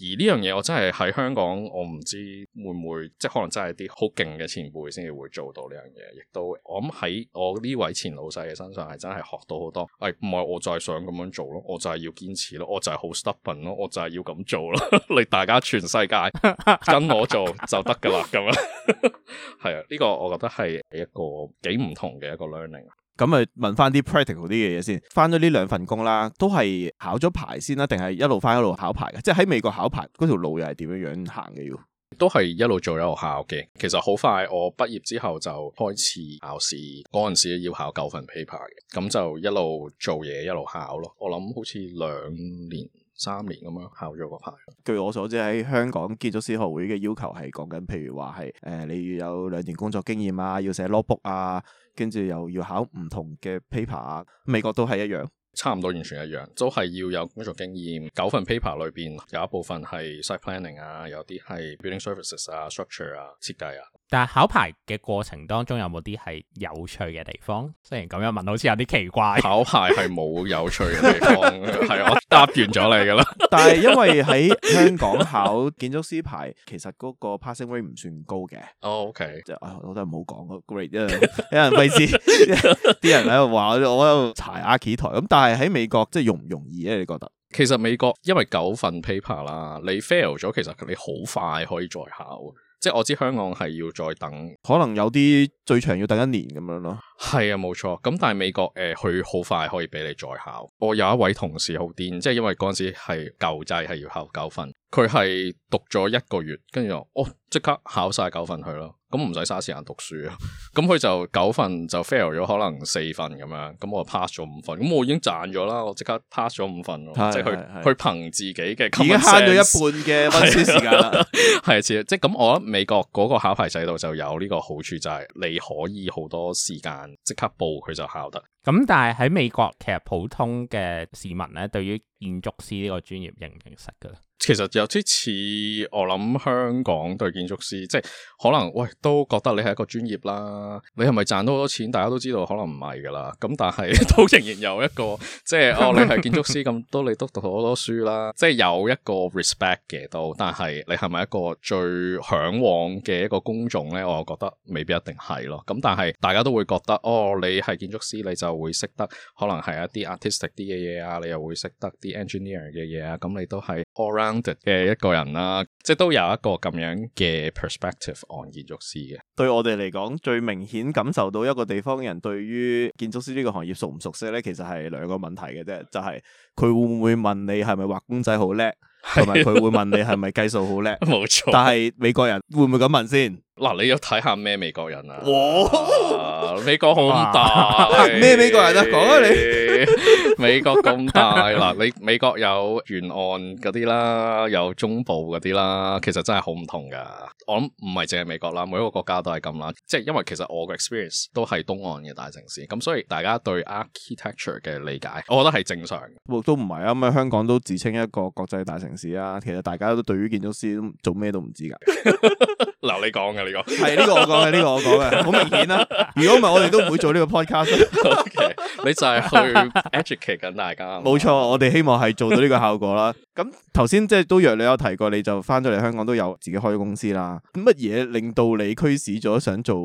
而呢樣嘢我真係喺香港我會會，我唔知會唔會即係可能真係啲好勁嘅前輩先至會做到呢樣嘢。亦都我諗喺我呢位前老細嘅身上係真係學到好多。誒唔係我再想咁樣做咯。我就係要堅持咯。我就係好 stubborn 咯。我就係要咁做咯。 你大家全世界跟我做就得㗎啦。咁樣係啊，呢、呢個我覺得係一個幾唔同嘅一個 learning。咁咪問翻啲 practical 啲嘅嘢先。翻咗呢兩份工啦，都係考咗牌先啦，定係一路翻一路考牌嘅？即係喺美國考牌嗰條路又係點樣樣行嘅？要都係一路做一路考嘅。其實好快，我畢業之後就開始考試嗰陣時要考九份 paper 嘅。咁就一路做嘢一路考咯。我諗好似兩年三年咁樣考咗個牌。據我所知喺香港建築師學會嘅要求係講緊，譬如話係誒你要有兩年工作經驗啊，要寫 logbook 啊。跟住又要考唔同嘅 paper 啊，美國都係一樣。差唔多完全一樣，都、就、係、是、要有工作經驗。九份 paper 裏邊有一部分係 site planning 啊，有啲係 building services 啊、structure 啊、設計啊。但係考牌嘅過程當中有冇啲係有趣嘅地方？雖然咁樣問，好似有啲奇怪。考牌係冇有，有趣嘅地方，係 我答完咗你噶啦。 但係因為喺香港考建築師牌，其實嗰個 passing rate 唔算高嘅。O、oh, K，okay.、哎、我都係唔好講 great，因為費事，啲 人喺度話我，喺度柴阿 kie 台咁，但但係喺美國即係容唔容易咧？啊？你覺得？其實美國因為九份 paper 啦，你 fail 咗，其實你好快可以再考。即係我知香港係要再等，可能有啲最長要等一年咁樣咯。係啊，冇錯。咁但係美國誒，佢、呃、好快可以俾你再考。我有一位同事好癲，即係因為嗰陣時係舊制，係要考九份。佢係讀咗一個月，跟住哦，即刻考晒九份去咯，咁唔使嘥時間讀書啊，咁 佢就九份就 fail 咗，可能四份咁樣，咁我 pass 咗五份，咁我已經賺咗啦，我即刻 pass 咗五份，即係是的 去是的 去憑是的 自己嘅，已經慳咗一半嘅溫書時間是的， 係似即係咁，我覺得美國嗰個考牌制度就有呢個好處就係、是、你可以好多時間即刻報佢就考得。咁但係喺美國，其實普通嘅市民咧，對於建築師呢個專業認唔認識噶？其實有啲似我諗香港對建築師，即係可能喂都覺得你係一個專業啦，你係咪賺到好多錢？大家都知道可能唔係噶啦。咁但係 都仍然有一個，即係哦你係建築師咁多， 你都讀好多書啦，即係有一個 respect 嘅都。但係你係咪一個最向往嘅一個工種咧？我又覺得未必一定係咯。咁但係大家都會覺得哦，你係建築師，你就。又會識得可能係一啲 artistic 啲嘅嘢啊，你又會識得啲 engineer 嘅嘢啊，咁你都係 all round 嘅一個人啦，即係都有一個咁樣嘅 perspective on 建築師嘅。對我哋嚟講，最明顯感受到一個地方人對於建築師呢個行業熟唔熟悉咧？其實係兩個問題嘅啫，就係佢會唔會問你係咪畫公仔好叻，同埋佢會問你係咪計數好叻，冇 沒錯。但係美國人會唔會咁問先？嗱，你要睇下咩美國人啊？哇！美國好大，咩美國人啊？講啊你， 美國咁大嗱，你美國有沿岸嗰啲啦，有中部嗰啲啦，其實真係好唔同噶。我諗唔係淨係美國啦，每一個國家都係咁啦。即係因為其實我嘅 experience 都係東岸嘅大城市，咁所以大家對 architecture 嘅理解，我覺得係正常。都唔係啊？咁香港都自稱一個國際大城市啊？其實大家都對於建築師做咩都唔知㗎。嗱， 你講㗎。係呢、 這個我講嘅，呢、這個我講嘅，好明顯啦。如果唔係，我哋都唔會做呢個 podcast。Okay, 你就係去 educate 緊大家。冇錯 吧，我哋希望係做到呢個效果啦。咁頭先即係都約你有提過，你就翻咗嚟香港都有自己開公司啦。乜嘢令到你驅使咗想做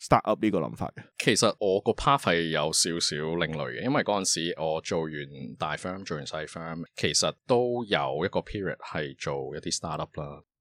startup 呢個諗法嘅？其實我個 part 係有少少另類嘅，因為嗰陣時我做完大 firm，做完細 firm，其實都有一個 period 係做一啲 startup 啦。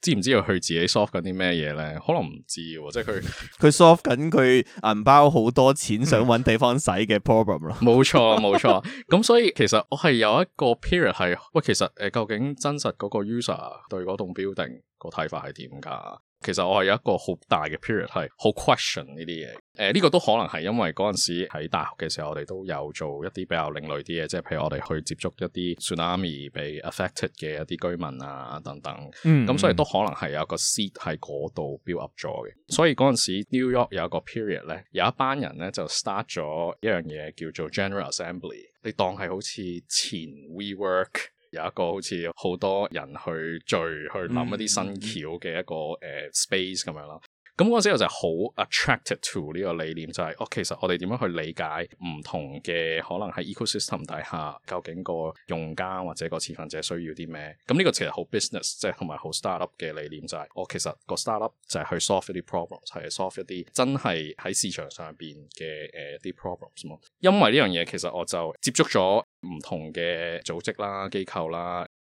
知唔知道佢自己 solve 緊啲咩嘢咧？可能唔知、啊，即係佢佢 solve 緊佢銀包好多錢想揾地方使嘅 problem 咯。冇錯冇錯，咁 所以其實我係有一個 period 係喂，其實誒、呃、究竟真實嗰個 user 對嗰棟 building 個睇法係點噶？其實我係有一個好大嘅 period 係好 question 呢啲嘢，誒、呃、呢、呢個都可能係因為嗰陣時喺大學嘅時候，我哋都有做一啲比較另類啲嘅，即係譬如我哋去接觸一啲 tsunami 被 affected 嘅一啲居民啊等等，咁、嗯嗯、所以都可能係有一個 seed 喺嗰度 build up 咗嘅。所以嗰陣時 New York 有一個 period 咧，有一班人咧就 start 咗一樣嘢叫做 General Assembly，你當係好似前 WeWork。Work 有一個好似好多人去聚去諗一啲新橋嘅一個誒、嗯呃、space 咁樣啦。咁嗰陣時我就好 attracted to 呢個理念，就係、是、我、哦、其實我哋點樣去理解唔同嘅可能喺 ecosystem 底下，究竟個用家或者個持份者需要啲咩？咁呢個其實好 business，即、就、係、是、同埋好 start up 嘅理念，就係、是、我、哦、其實個 start up 就係去 solve 一啲 problems 係 solve 一啲真係喺市場上邊嘅誒啲 problems。因為呢樣嘢其實我就接觸咗唔同嘅組織啦、機構啦。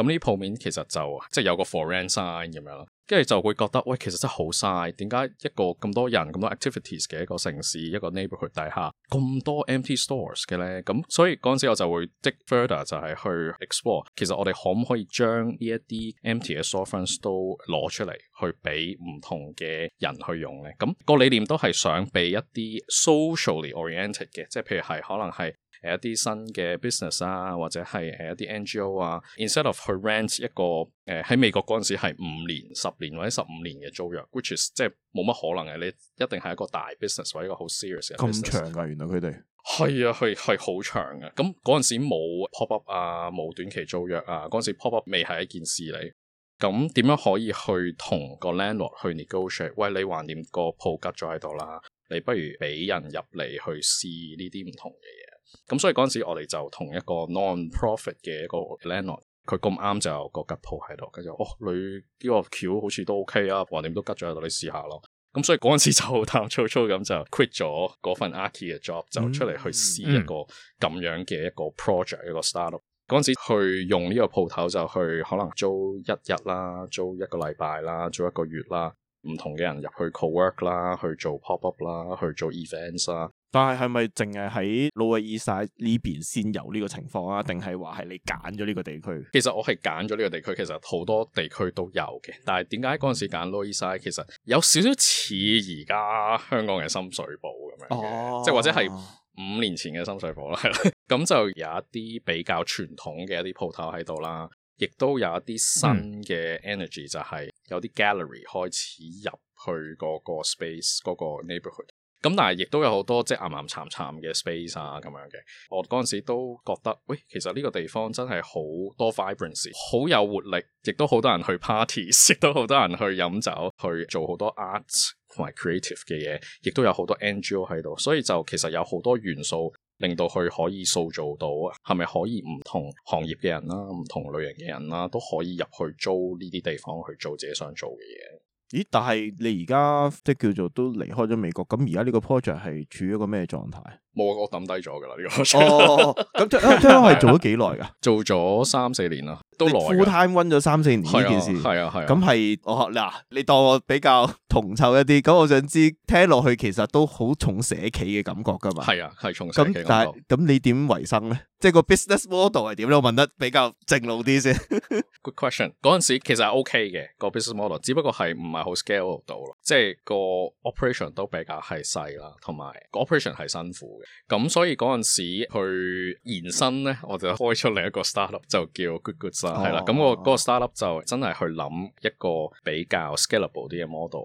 咁呢鋪面其實就即係有個 for rent sign 咁樣啦，跟住就會覺得喂，其實真係好嘥，點解一個咁多人、咁多 activities 嘅一個城市、一個 neighborhood 底下咁多 empty stores 嘅咧？咁所以嗰陣時我就會 dig further 就係去 explore，其實我哋可唔可以將呢一啲 empty 嘅 storefront 都攞出嚟去俾唔同嘅人去用咧？咁、個理念都係想俾一啲 socially oriented 嘅，即係譬如係可能係。誒一啲新嘅 business 啊，或者係誒一啲 NGO 啊，instead of 去 rent 一個誒喺、呃、美國嗰陣時係五年、十年或者十五年嘅租約，which is 即係冇乜可能嘅。你一定係一個大 business 或一個好 serious 嘅。咁長㗎，原來佢哋係啊，係係好長嘅。咁嗰陣時冇 pop up 啊，冇短期租約啊，嗰陣時 pop up 未係一件事嚟。咁點樣可以去同個 landlord 去 negotiate？喂，你橫掂個鋪吉咗喺度啦，你不如俾人入嚟去試呢啲唔同嘅。咁所以嗰陣時我哋就同一個 non-profit 嘅一個 landlord，佢咁啱就有個吉鋪喺度，跟住哦，你呢個橋好似都 OK 啊，橫掂都吉咗喺度，你試下咯。咁所以嗰陣時就好膽粗粗咁就 quit 咗嗰份 archie 嘅 job，就出嚟去試一個咁樣嘅一個 project 一個 startup。嗰陣時去用呢個鋪頭就去可能租一日啦，租一個禮拜啦，租一個月啦，唔同嘅人入去 co-work 啦，去做 pop-up 啦，去做 events 啦。但係係咪淨係喺 Lower East Side 呢邊先有呢個情況啊？定係話係你揀咗呢個地區？其實我係揀咗呢個地區，其實好多地區都有嘅。但係點解嗰陣時揀 Lower East Side？其實有少少似而家香港嘅深水埗咁樣嘅，哦、即係或者係五年前嘅深水埗啦。咁 就有一啲比較傳統嘅一啲鋪頭喺度啦，亦都有一啲新嘅 energy、嗯、就係有啲 gallery 開始入去嗰個 space 嗰個 neighborhood。咁但係亦都有好多即係暗暗沉沉嘅 space 啊，咁樣嘅，我嗰陣時都覺得，喂，其實呢個地方真係好多 vibrancy，好有活力，亦都好多人去 parties，亦都好多人去飲酒，去做好多 arts 同埋 creative 嘅嘢，亦都有好多 NGO 喺度，所以就其實有好多元素令到佢可以塑造到，係咪可以唔同行業嘅人啦、啊，唔同類型嘅人啦、啊，都可以入去租呢啲地方去做自己想做嘅嘢。咦，但係你而家即係叫做都離開咗美國，咁而家呢個 project 係處於一個咩狀態？冇，我抌低咗噶啦呢個。哦，咁即係做咗幾耐噶？做咗三四年啦，都耐。full time run 咗三四年呢件事，係啊係。咁係我嗱，啊啊 oh, you know, 你當我比較。銅臭一啲，咁我想知聽落去其實都好重社企嘅感覺噶嘛？係啊，係重社企嘅感覺。咁你點維生咧？即係個 business model 係點？我問得比較正路啲先。 good question。嗰陣時其實係 OK 嘅個 business model，只不過係唔係好 scalable 咯，即係個 operation 都比較係細啦，同埋 operation 係辛苦嘅。咁所以嗰陣時去延伸咧，我就開出另一個 startup 就叫 Good Good Start、哦、啦，係啦。咁我嗰個 startup 就真係去諗一個比較 scalable 啲嘅 model。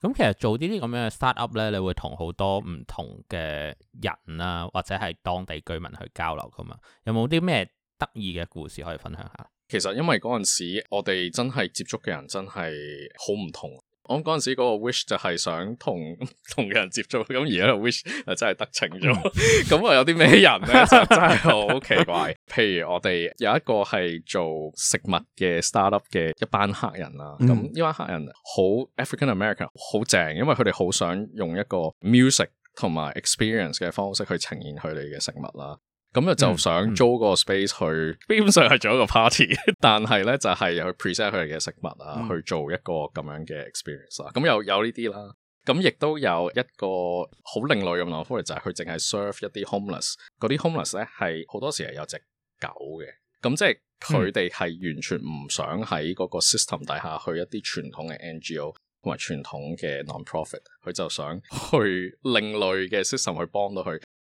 咁其實做啲啲咁樣嘅 startup 咧，你會同好多唔同嘅人啊，或者係當地居民去交流噶嘛？有冇啲咩得意嘅故事可以分享下？其實因為嗰陣時我哋真係接觸嘅人真係好唔同。我嗰陣時嗰個 wish 就係想同同人接觸，咁而家個 wish 啊真係得逞咗。咁 啊有啲咩人咧真係好奇怪。 譬如我哋有一個係做食物嘅 startup 嘅一班客人啦，咁呢班客人好 African American，好正，因為佢哋好想用一個 music 同埋 experience 嘅方式去呈現佢哋嘅食物啦。咁又就想租個 space 去、嗯，嗯、去基本上係做一個 party， 但係咧就係、是、去 present 佢哋嘅食物啊，嗯、去做一個咁樣嘅 experience、啊、啦。咁又有呢啲啦，咁亦都有一個好另類嘅 nonprofit 就係、是、佢淨係 serve 一啲 homeless，嗰啲 homeless 咧係好多時係有隻狗嘅，咁即係佢哋係完全唔想喺嗰個 system 底下去一啲傳統嘅 NGO 同埋傳統嘅 nonprofit，佢就想去另類嘅 system 去幫到佢。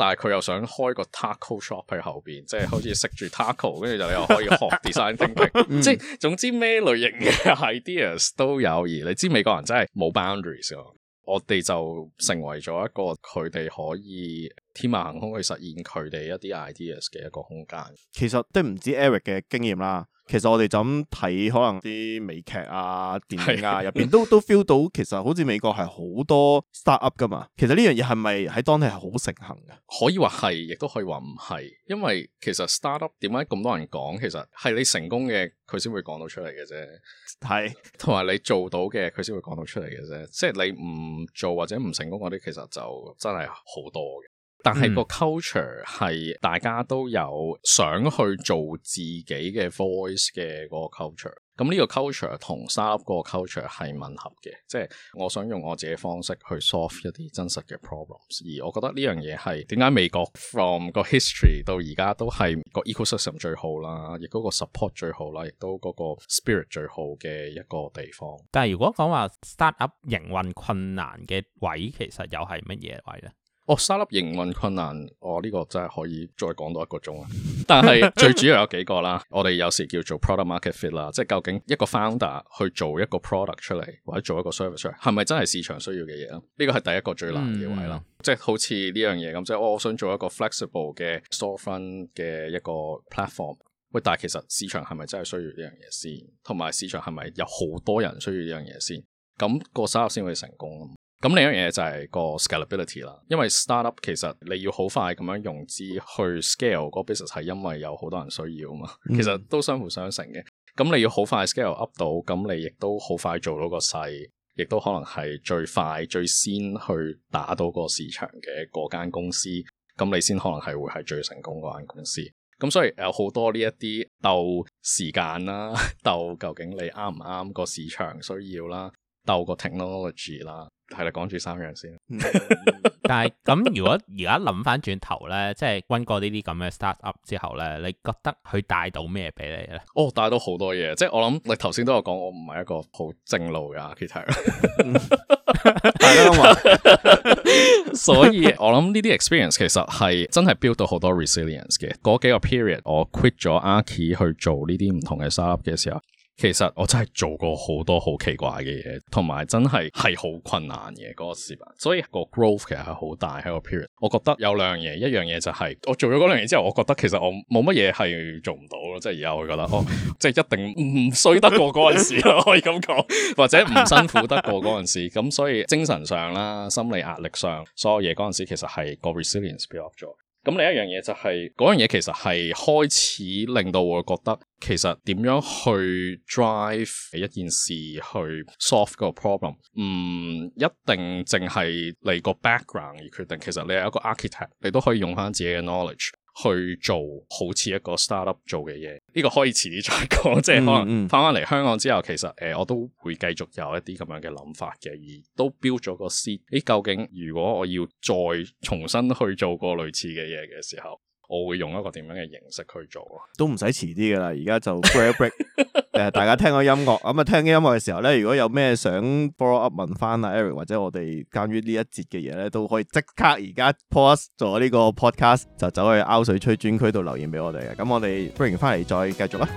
但係佢又想開個 taco shop 喺後邊，即係好似食住 taco，跟住就又可以學 design thinking， 即係總之咩類型嘅 ideas 都有。而你知美國人真係冇 boundaries，我哋就成為咗一個佢哋可以天馬行空去實現佢哋一啲 ideas 嘅一個空間。其實都唔止 Eric 嘅經驗啦。其實我哋就咁睇，可能啲美劇啊、電影啊入邊都 都 feel 到，其實好似美國係好多 startup 噶嘛。其實呢樣嘢係咪喺當地係好盛行嘅？可以話係，亦都可以話唔係。因為其實 startup 點解咁多人講？其實係你成功嘅，佢先會講到出嚟嘅啫，係同埋你做到嘅，佢先會講到出嚟嘅啫。即係你唔做或者唔成功嗰啲，其實就真係好多嘅。但係個 culture 係、嗯、大家都有想去做自己嘅 voice 嘅嗰個 culture，咁呢個 culture 同 startup 個 culture 係吻合嘅，即係我想用我自己嘅方式去 solve 一啲真實嘅 problems。而我覺得呢樣嘢係點解美國 from 個 history 到而家都係個 ecosystem 最好啦,亦嗰個 support 最好啦，亦都嗰個 spirit 最好嘅一個地方。但係如果講話 startup 營運困難嘅位，其實又係乜嘢位咧？哦，startup 營運困難，我、哦、呢、這個真係可以再講多一個鐘啊！ 但係最主要有幾個啦，我哋有時叫做 product market fit 啦，即係究竟一個 founder 去做一個 product 出嚟，或者做一個 service 出嚟，係咪真係市場需要嘅嘢啊？呢個係第一個最難嘅位啦，嗯、即係好似呢樣嘢咁，即係我想做一個 flexible 嘅 storefront 嘅一個 platform，喂，但係其實市場係咪真係需要呢樣嘢先？同埋市場係咪有好多人需要呢樣嘢先？咁個 startup 先會成功。咁另一樣嘢就係個 scalability 啦，因為 startup 其實你要好快咁樣融資去 scale 個 business 係因為有好多人需要啊嘛，其實都相輔相成嘅。咁你要好快 scale up 到，咁你亦都好快做到個勢，亦都可能係最快、最先去打到個市場嘅嗰間公司，咁你先可能係會係最成功嗰間公司。咁所以有好多呢一啲鬥時間啦，鬥究竟你啱唔啱個市場需要啦。到個 technology 啦，係啦，講住三樣先。但係咁，如果而家諗翻轉頭咧，即係溫過呢啲咁嘅 startup 之後咧，你覺得佢帶到咩俾你咧？哦，帶到好多嘢，即係我諗，你頭先都有講，我唔係一個好正路嘅 architect 所以，我諗呢啲 experience 其實係真係 build 到好多 resilience 嘅。嗰幾個 period，我 quit 咗 ARK 去做呢啲唔同嘅 startup 嘅時候。to 其實我真係做過好多好奇怪嘅嘢，同埋真係係好困難嘅嗰、嗰個時段，所以個 growth 其實係好大喺個 period。我覺得有兩樣嘢，一樣嘢就係、是、我做咗嗰兩樣嘢之後，我覺得其實我冇乜嘢係做唔到咯，即係而家我會覺得哦， 即係一定唔衰得過嗰陣時咯，可以咁講，或者唔辛苦得過嗰陣時。咁 所以精神上啦，心理壓力上所有嘢嗰陣時，其實係個 resilience Be Of 變咗。咁另一樣嘢就係嗰樣嘢，其實係開始令到我覺得，其實點樣去 drive 一件事去 solve 個 problem，唔一定淨係嚟個 background 而決定。其實你係一個 architect，你都可以用返自己嘅 knowledge。去做好似一個 startup 做嘅嘢，呢、呢個可以遲啲再講。即係可能翻返嚟香港之後，其實誒、呃、我都會繼續有一啲咁樣嘅諗法嘅，而都標咗個 C。誒，究竟如果我要再重新去做個類似嘅嘢嘅時候，我會用一個點樣嘅形式去做啊？都唔使遲啲噶啦，而家就 break break，誒、 呃，大家聽個音樂咁啊，聽緊音樂嘅時候咧，如果有咩想 follow up 問翻啊 Eric 或者我哋關於呢一節嘅嘢咧，都可以即刻而家 pause 咗呢個 podcast 就走去 out 水吹專區度留言俾我哋嘅，咁我哋 break 翻嚟再繼續啦。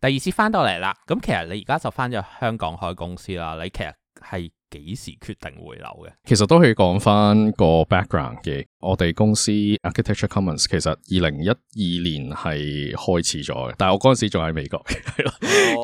第二次翻到嚟啦，咁其實你而家就翻咗香港開公司啦。你其實係幾時決定回流嘅？其實都可以講翻個 background 嘅，我哋公司 Architecture Commons 其實二零一二年係開始咗嘅，但係我嗰陣時仲喺美國嘅，係咯。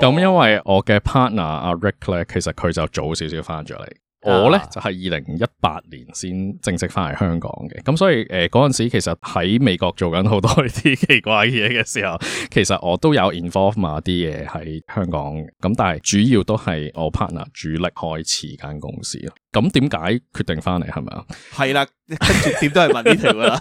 咁因為我嘅 partner 阿 Rick 咧，其實佢就早少少翻咗嚟。我咧就係二零一八年先正式翻嚟香港嘅，咁所以誒嗰陣時其實喺美國做緊好多呢啲奇怪嘢嘅時候，其實我都有 involve 某啲嘢喺香港，咁但係主要都係我 partner 主力開始間公司咯。咁點解決定翻嚟，係咪啊？係啦，跟住點都係問呢條啦。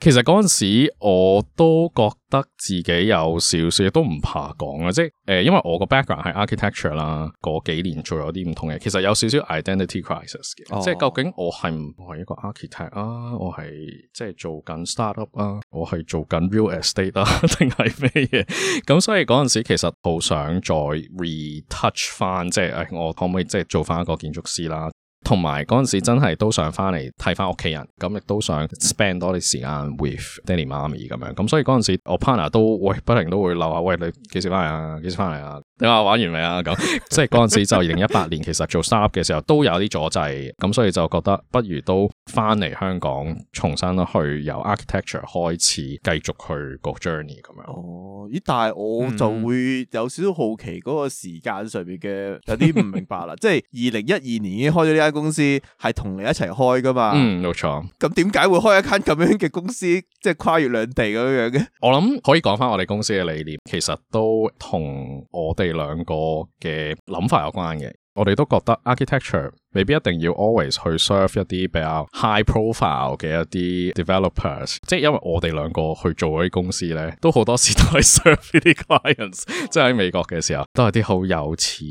其實陣時我都覺得自己有少少都唔怕講啊，即係誒、呃，因為我個 background 係 architecture 啦，嗰幾年做有啲唔同嘅，其實有少少 identity crisis 嘅。哦、即係究竟我係唔係一個 architect 啊？我係即係做緊 startup 啊？我係做緊 real estate 啦、啊，定係咩嘢？咁 所以陣時其實好想再 retouch 翻，即係誒、哎，我可唔可以即係做翻一個建築師？啦，同埋嗰陣時真係都想翻嚟，睇翻屋企人，咁亦都想 spend 多啲時間 with daddy 媽咪咁樣，咁所以嗰陣時我 partner 都喂不停都會嬲，喂，你幾時翻嚟啊？幾時翻嚟啊？你話玩完未啊？咁 即係嗰陣時就二零一八年，其實做 startup 嘅時候都有啲阻滯，咁所以就覺得不如都。翻嚟香港，重新去由 architecture 開始，繼續去個 journey 咁樣。哦，咦！但係我就會有少少好奇，嗰個時間上面嘅、嗯、有啲唔明白啦。 即係二零一二年已經開咗呢間公司，係同你一齊開噶嘛？嗯，冇錯。咁點解會開一間咁樣嘅公司，即係跨越兩地咁樣嘅？我諗可以講翻我哋公司嘅理念，其實都同我哋兩個嘅諗法有關嘅。我哋都覺得 architecture 未必一定要 always 去 serve 一啲比較 high profile 嘅一啲 developers，即係因為我哋兩個去做嗰啲公司咧，都好多時都係 serve 呢啲 clients，即係喺美國嘅時候都係啲好有錢、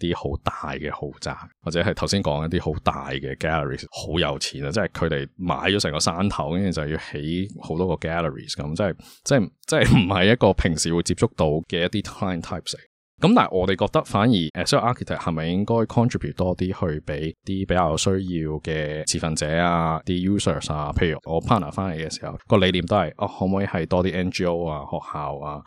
啲好大嘅豪宅，或者係頭先講一啲好大嘅 galleries 好有錢啊！即係佢哋買咗成個山頭，跟住就要起好多個 galleries 咁，即係即係即係唔係一個平時會接觸到嘅一啲 client types。咁但係我哋覺得反而誒，所有 architect 係咪應該 contribute 多啲去俾啲比較需要嘅持份者啊，啲 users 啊，譬如我 partner 翻嚟嘅時候，個理念都係哦、啊，可唔可以係多啲 NGO 啊，學校啊？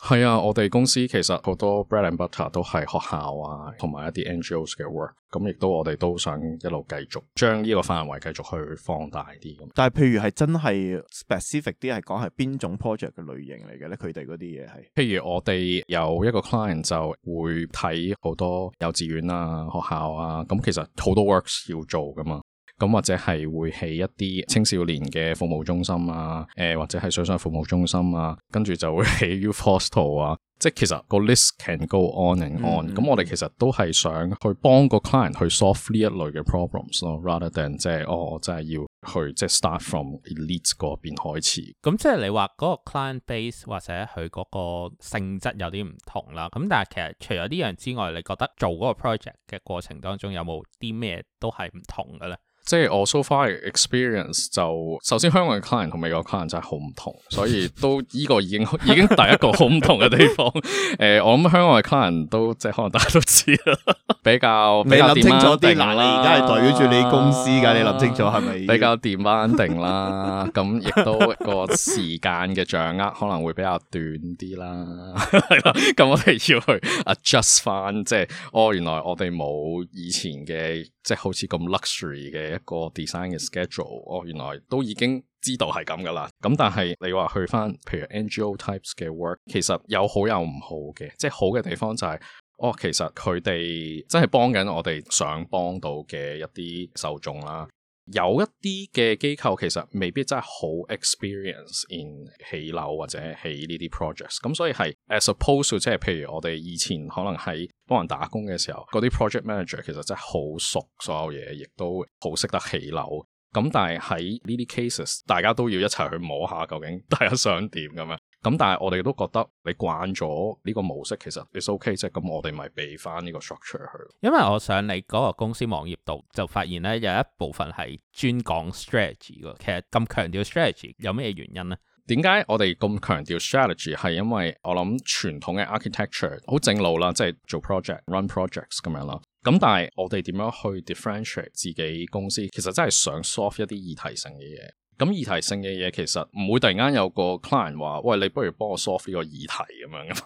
係啊，我哋公司其實好多 bread and butter 都係學校啊，同埋一啲 NGOs 嘅 work，咁亦都我哋都想一路繼續將呢個範圍繼續去放大啲。咁、嗯，但係譬如係真係 specific 啲，係講係邊種 project 嘅類型嚟嘅咧？佢哋嗰啲嘢係譬如我哋有一個 client 就會睇好多幼稚園啊、學校啊，咁其實好多 works 要做噶嘛。咁或者係會起一啲青少年嘅服務中心啊，誒、呃、或者係水上服務中心啊，跟住就會起 UFO Store 啊，即係其實個 list can go on and on、嗯。咁、嗯、我哋其實都係想去幫個 client 去 solve 呢一類嘅 problems 咯，rather than 即、就、係、是、哦，真係要去即係、就是、start from elite 嗰邊開始。咁即係你話嗰個 client base 或者佢嗰個性質有啲唔同啦。咁但係其實除咗呢樣之外，你覺得做嗰個 project 嘅過程當中有冇啲咩都係唔同嘅咧？即係我 so far 嘅 experience 就，首先香港嘅 client 同美國 client 真係好唔同，所以都依個已經已經第一個好唔同嘅地方。誒、 呃，我諗香港嘅 client 都即係可能大家都知啦，比較比較掂咗啲。嗱了，你而家係代表住你公司噶，啊、你諗清楚係咪比較掂翻定啦？咁亦 都個時間嘅掌握可能會比較短啲啦。係啦，咁我哋要去 adjust 翻，即係哦，原來我哋冇以前嘅。即係好似咁 luxury 嘅一個 design 嘅 schedule，哦，原來都已經知道係咁噶啦。咁但係你話去翻，譬如 NGO types 嘅 work，其實有好有唔好嘅。即係好嘅地方就係，哦，其實佢哋真係幫緊我哋想幫到嘅一啲受眾啦。有一啲嘅機構其實未必真係好 experience in 起樓或者起呢啲 projects，咁所以係 as opposed to 即係譬如我哋以前可能喺幫人打工嘅時候，嗰啲 project manager 其實真係好熟所有嘢，亦都好識得起樓。咁但係喺呢啲 cases，大家都要一齊去摸下究竟大家想點咁啊？咁但係我哋都覺得你慣咗呢個模式，其實係 OK 啫。咁我哋咪畀翻呢個 structure 去。因為我上你嗰個公司網頁度就發現咧有一部分係專講 strategy 嘅。其實咁強調 strategy 有咩原因咧？點解我哋咁強調 strategy 係因為我諗傳統嘅 architecture 好正路啦，即係做 project run projects 咁樣啦。咁但係我哋點樣去 differentiate 自己公司？其實真係想 solve 一啲議題性嘅嘢。咁議題性嘅嘢其實唔會突然間有個 client 話，喂，你不如幫我 soft 呢個議題咁樣嘅，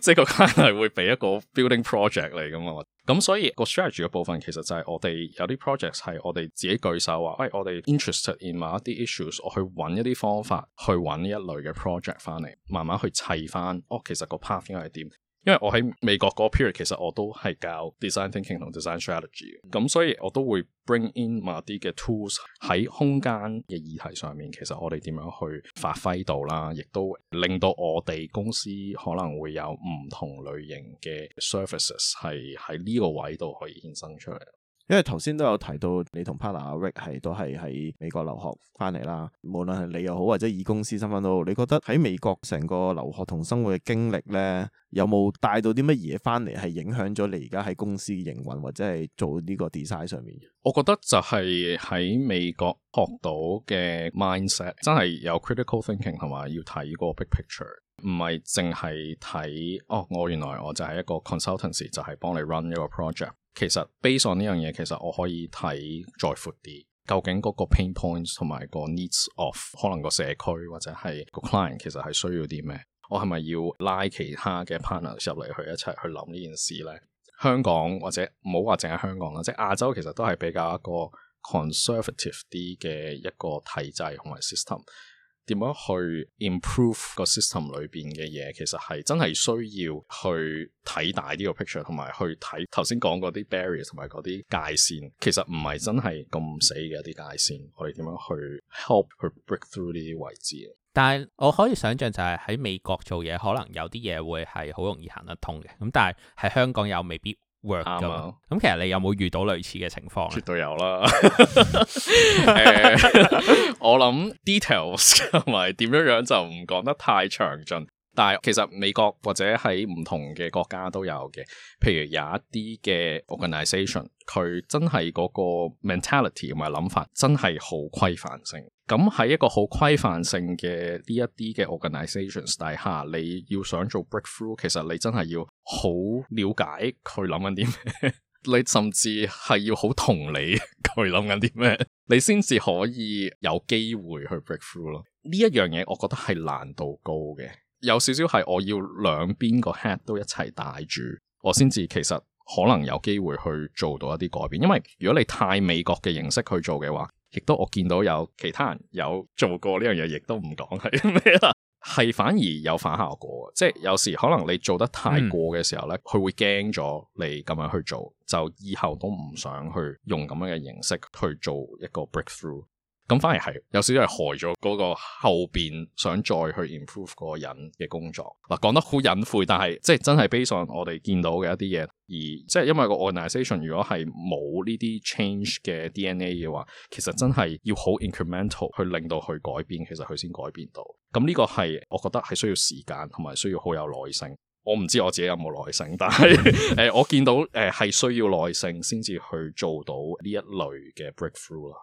即 係個 client 會俾一個 building project 嚟咁啊。咁所以個 strategy 嘅部分其實就係我哋有啲 project 係我哋自己舉手話，喂，我哋 interested in 某一啲 issues，我去揾一啲方法去揾一類嘅 project 翻嚟，慢慢去砌翻。哦，其實個 path 應該係點？因為我喺美國嗰個 period，其實我都係教 design thinking 同 design strategy 嘅，咁所以我都會 bring in 某啲嘅 tools 喺空間嘅議題上面，其實我哋點樣去發揮到啦，亦都會令到我哋公司可能會有唔同類型嘅 services 係喺呢個位度可以衍生出嚟。因為頭先都有提到，你同 partner 阿 Rick 係都係喺美國留學翻嚟啦。無論係你又好，或者以公司身份都好，你覺得喺美國成個留學同生活嘅經歷咧，有冇帶到啲乜嘢翻嚟，係影響咗你而家喺公司營運或者係做呢個 design 上面？我覺得就係喺美國學到嘅 mindset，真係有 critical thinking 同埋要睇個 big picture，唔係淨係睇哦，我原來我就係一個 consultancy，就係幫你 run 一個 project。其實，based on 呢樣嘢，其實我可以睇再闊啲，究竟嗰個 pain points 同埋個 needs of 可能個社區或者係個 client 其實係需要啲咩？我係咪要拉其他嘅 partners 入嚟去一齊去諗呢件事呢？香港或者唔好話淨係香港啦，即係亞洲其實都係比較一個 conservative 啲嘅一個體制同埋 system。點樣去 improve 個 system 裏邊嘅嘢，其實係真係需要去睇大呢個 picture，同埋去睇頭先講嗰啲 barrier 同埋嗰啲界線，其實唔係真係咁死嘅一啲界線，我哋點樣去 help 佢 break through 呢啲位置？但係我可以想象就係喺美國做嘢，可能有啲嘢會係好容易行得通嘅，咁但係喺香港又未必。咁 其實你有冇遇到類似嘅情況？絕對有啦。我諗 details 同埋點樣樣就唔講得太詳盡。但係其實美國或者喺唔同嘅國家都有嘅，譬如有一啲嘅 organisation，佢真係嗰個 mentality 同埋諗法真係好規範性。咁喺一個好規範性嘅呢一啲嘅 organisations 底下，啊，你要想做 breakthrough，其實你真係要好了解佢諗緊啲咩， 你甚至係要好同理佢諗緊啲咩， 你先至可以有機會去 breakthrough 咯。呢一樣嘢我覺得係難度高嘅。有少少係我要兩邊個 head 都一齊帶住，我先至其實可能有機會去做到一啲改變。因為如果你太美國嘅形式去做嘅話，亦都我見到有其他人有做過呢樣嘢，亦都唔講係咩啦，係反而有反效果。即係有時可能你做得太過嘅時候咧，佢、嗯、會驚咗你咁樣去做，就以後都唔想去用咁樣嘅形式去做一個 breakthrough。咁反而係有少少係害咗嗰個後邊想再去 improve 個人嘅工作。嗱，講得好隱晦，但係即係真係 based on 我哋見到嘅一啲嘢，而即係因為個 organisation 如果係冇呢啲 change 嘅 DNA 嘅話，其實真係要好 incremental 去令到佢改變，其實佢先改變到。咁、嗯、呢、呢個係我覺得係需要時間，同埋需要好有耐性。我唔知我自己有冇耐性，但係誒、 呃，我見到誒係、呃、需要耐性先至去做到呢一類嘅 breakthrough 啦。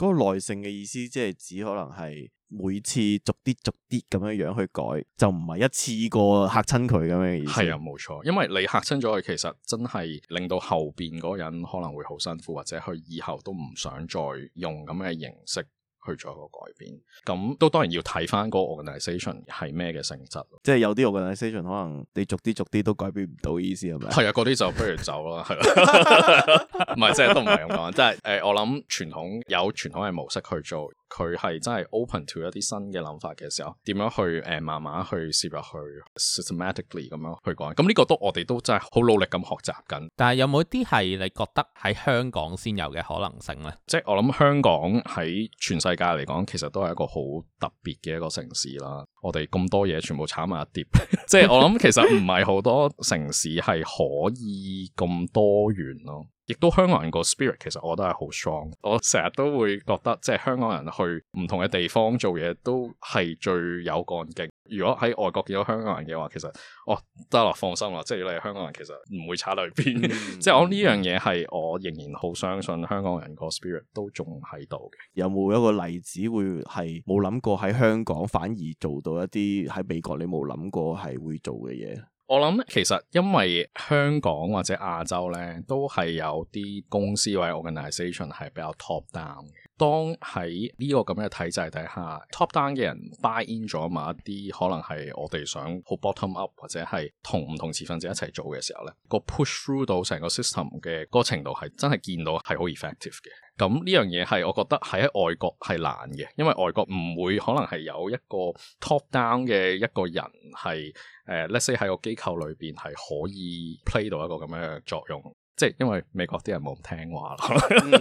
嗰個耐性嘅意思，即係指可能係每次逐啲逐啲咁樣樣去改，就唔係一次過嚇親佢咁樣嘅意思。係啊，冇錯，因為你嚇親咗佢，其實真係令到後邊嗰人可能會好辛苦，或者佢以後都唔想再用咁嘅形式。去做一個改變，咁都當然要睇翻嗰個 organisation 係咩嘅性質，即係有啲 organisation 可能你逐啲逐啲都改變唔到，意思係咪？係啊，嗰啲 就不如走啦，係咯，唔係，即係都唔係咁講，即係誒、呃，我諗傳統有傳統嘅模式去做。佢係真係 open to 一啲新嘅諗法嘅時候，點樣去誒、呃，慢慢去切入去 systematically 咁樣去講，咁呢個都我哋都真係好努力咁學習緊。但係有冇啲係你覺得喺香港先有嘅可能性呢？即係我諗香港喺全世界嚟講，其實都係一個好特別嘅一個城市啦。我哋咁多嘢全部炒埋一碟， 即係我諗其實唔係好多城市係可以咁多元咯。亦都香港人個 spirit 其實我都係好 strong，我成日都會覺得即係香港人去唔同嘅地方做嘢都係最有幹勁。如果喺外國見到香港人嘅話，其實哦，得啦放心啦，即係你係香港人，其實唔會差兩邊。嗯嗯、 即係我呢樣嘢係我仍然好相信香港人個 spirit 都仲喺度嘅。有冇一個例子會係冇諗過喺香港反而做到一啲喺美國你冇諗過係會做嘅嘢？我諗其實因為香港或者亞洲咧，都係有啲公司或者 organization 係比較 top down 嘅。當喺呢個咁嘅體制底下，top down 嘅人 buy in 咗，某一啲可能係我哋想好 bottom up 或者係同唔同持份者一齊做嘅時候咧，個 push through 到成個 system 嘅嗰個程度係真係見到係好 effective 嘅。咁呢樣嘢係我覺得喺外國係難嘅，因為外國唔會可能係有一個 top down 嘅一個人係誒、呃，let’s say 喺個機構裏邊係可以 play 到一個咁樣嘅作用。即係因為美國啲人冇咁聽話咯、嗯，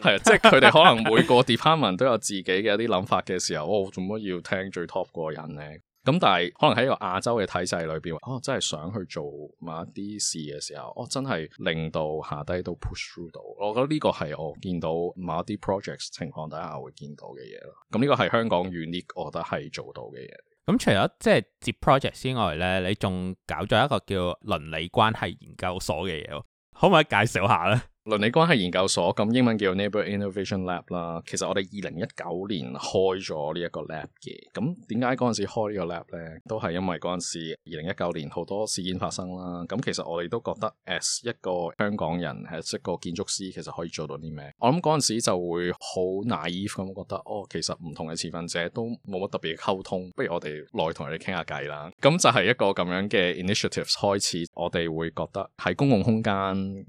係、嗯、啊， 即係佢哋可能每個 department 都有自己嘅一啲諗法嘅時候，我做乜要聽最 top 嗰個人呢？咁但係可能喺個亞洲嘅體制裏邊，哦，真係想去做某一啲事嘅時候，我、哦、真係令到下低都 push through 到。我覺得呢個係我見到某一啲 projects 情況，底下會見到嘅嘢咯。咁呢個係香港 unique，我覺得係做到嘅嘢。咁除咗即係接 project 之外咧，你仲搞咗一個叫鄰里關係研究所嘅嘢。可唔可以介紹下咧？鄰里關係研究所，咁英文叫 Neighbor Innovation Lab 啦。其實我哋二零一九年開咗呢一個 lab 嘅。咁點解嗰陣時開呢個 lab 咧？都係因為嗰陣時二零一九年好多事件發生啦。咁其實我哋都覺得，as 一個香港人，係一個建築師，其實可以做到啲咩？我諗嗰陣時就會好 naive 咁覺得，哦，其實唔同嘅持份者都冇乜特別嘅溝通，不如我哋來同佢哋傾下偈啦。咁就係一個咁樣嘅 initiatives 開始，我哋會覺得喺公共空間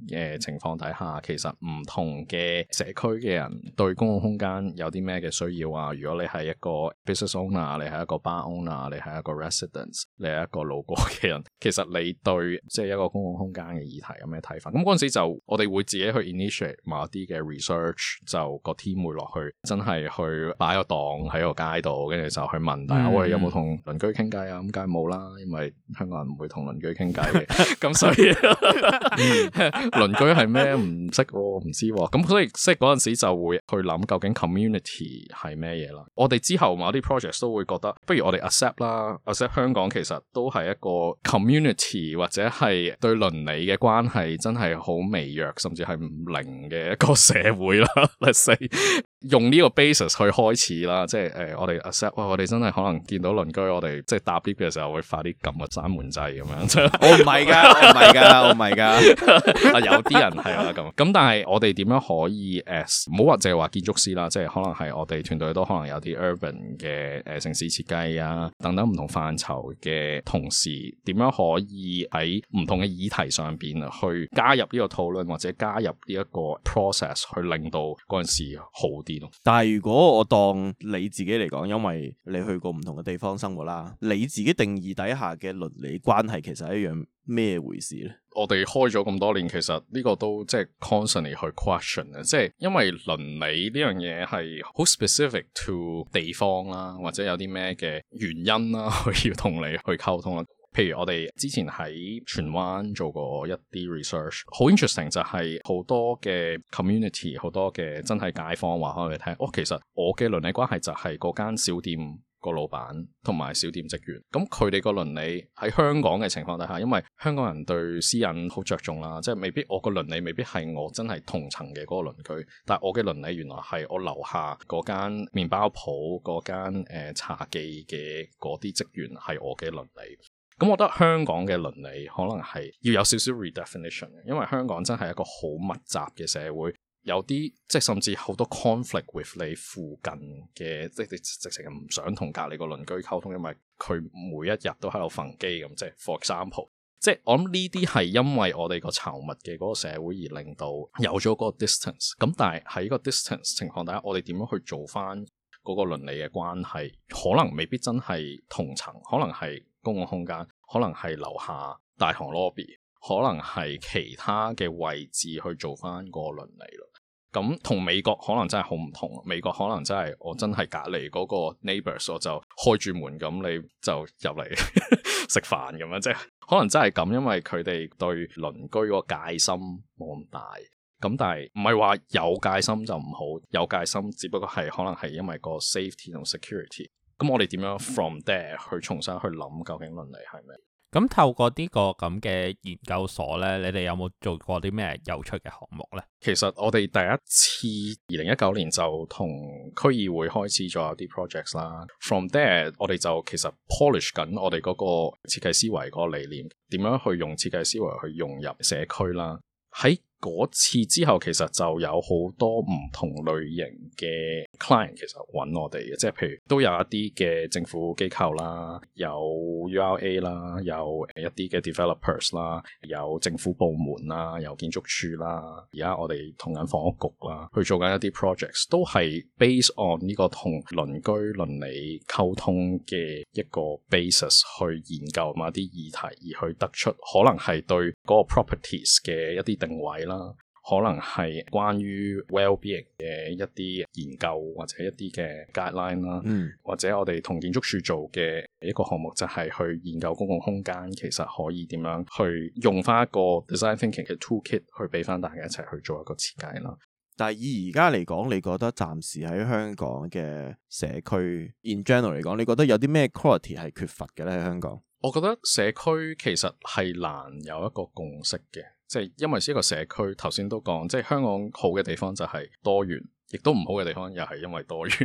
嘅情況底下。啊，其實唔同嘅社區嘅人對公共空間有啲咩嘅需要啊？如果你係一個 business owner，你係一個 bar owner，你係一個 resident，你係一個路過嘅人，其實你對即係一個公共空間嘅議題有咩睇法？咁嗰陣時就我哋會自己去 initiate 某啲嘅 research，就 te 個 team 會落去真係去擺個檔喺個街度，跟住就去問大家、嗯、喂，有冇同鄰居傾偈啊？咁梗係冇啦，因為香港人唔會同鄰居傾偈嘅，咁 所以鄰 居係咩唔？唔識喎，唔知喎、啊，咁、啊嗯、所以即係陣時就會去諗究竟 community 係咩嘢啦。我哋之後某啲 project 都會覺得，不如我哋 accept 啦。accept 香港其實都係一個 community 或者係對倫理嘅關係真係好微弱，甚至係唔靈嘅一個社會啦。Let’s see 用呢個 basis 去開始啦。即係誒、欸，我哋 accept，哇我哋真係可能見到鄰居，我哋即係搭 lift 嘅時候會發啲撳嘅閂門掣咁樣。我唔係噶，唔係噶，唔係噶。有啲人係啊。咁但係我哋點樣可以誒，唔好話淨係話建築師啦，即係可能係我哋團隊都可能有啲 urban 嘅誒、呃、城市設計啊等等唔同範疇嘅同事，點樣可以喺唔同嘅議題上邊去加入呢個討論，或者加入呢一個 process 去令到嗰陣時好啲咯。但係如果我當你自己嚟講，因為你去過唔同嘅地方生活啦，你自己定義底下嘅鄰里關係其實係一樣咩回事咧？我哋開咗咁多年，其實呢個都即係 constantly 去 question 啊，即係因為鄰里呢樣嘢係好 specific to 地方啦，或者有啲咩嘅原因啦，要同你去溝通啦。譬如我哋之前喺荃灣做過一啲 research，好 interesting 就係好多嘅 community，好多嘅真係街坊話開俾你聽，哦，其實我嘅鄰里關係就係嗰間小店。個老闆同埋小店職員，咁佢哋個倫理喺香港嘅情況底下，因為香港人對私隱好着重啦，即係未必我個倫理未必係我真係同層嘅嗰個鄰居，但係我嘅倫理原來係我樓下嗰間麵包鋪、嗰間誒茶記嘅嗰啲職員係我嘅倫理。咁我覺得香港嘅倫理可能係要有少少 redefinition，因為香港真係一個好密集嘅社會。有啲即係甚至好多 conflict with 你附近嘅，即係直情唔想同隔籬個鄰居溝通，因為佢每一日都喺度憤機，咁。即係 for example，即係我諗呢啲係因為我哋個稠密嘅個社會而令到有咗個 distance。咁但係喺個 distance 情況底下，我哋點樣去做翻嗰個鄰里嘅關係，可能未必真係同層，可能係公共空間，可能係樓下大堂 lobby，可能係其他嘅位置去做翻個鄰里咯。咁同美國可能真係好唔同，美國可能真係我真係隔離嗰個 neighbors，我就開住門咁你就入嚟食飯咁樣啫，即係可能真係咁，因為佢哋對鄰居個戒心冇咁大。咁但係唔係話有戒心就唔好，有戒心，只不過係可能係因為個 safety 同 security。咁我哋點樣 from there 去重新去諗究竟倫理係咩？咁透過呢個咁嘅研究所咧，你哋有冇做過啲咩有趣嘅項目咧？其實我哋第一次二零一九年就同區議會開始咗啲 projects 啦。From there，我哋就其實 polish 緊我哋嗰個設計思維嗰個理念，點樣去用設計思維去融入社區啦。喺次之後其實就有好多唔同類型嘅 client 其實揾我哋嘅，即係譬如都有一啲嘅政府機構啦，有 URA 啦，有一啲嘅 developers 啦，有政府部門啦，有建築署啦。而家我哋同緊房屋局啦，去做緊一啲 projects，都係 base on 呢個同鄰居鄰里溝通嘅一個 basis 去研究某啲議題，而去得出可能係對嗰個 properties 嘅一啲定位啦。啦，可能係關於 wellbeing 嘅一啲研究或者一啲嘅 guideline 啦、嗯，或者我哋同建築署做嘅一個項目就係去研究公共空間，其實可以點樣去用翻一個 design thinking 嘅 toolkit 去俾翻大家一齊去做一個設計啦。但係以而家嚟講，你覺得暫時喺香港嘅社區 in general 嚟講，你覺得有啲咩 quality 係缺乏嘅咧？喺香港，我覺得社區其實係難有一個共識嘅。即係因為，呢個社區頭先都講，即係香港好嘅地方就係多元。亦都唔好嘅地方，又係因為多元。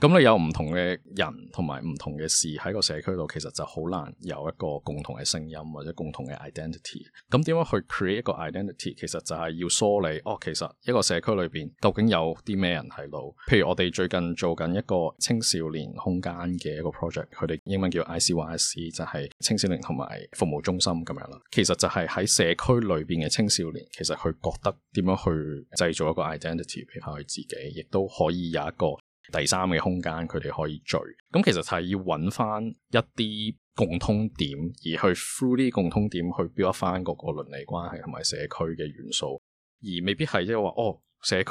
咁 你有唔同嘅人同埋唔同嘅事喺個社區度，其實就好難有一個共同嘅聲音或者共同嘅 identity。咁點樣去 create 一個 identity？其實就係要梳理哦，其實一個社區裏邊究竟有啲咩人喺度。譬如我哋最近做緊一個青少年空間嘅一個 project，佢哋英文叫 ICYC 就係青少年同埋服務中心咁樣啦。其實就係喺社區裏邊嘅青少年，其實佢覺得點樣去製造一個 identity 俾翻佢自己。亦都可以有一個第三嘅空間，佢哋可以聚。咁其實係要揾翻一啲共通點，而去 through 啲共通點去 build 翻嗰個鄰里關係同埋社區嘅元素，而未必係即係話哦，社區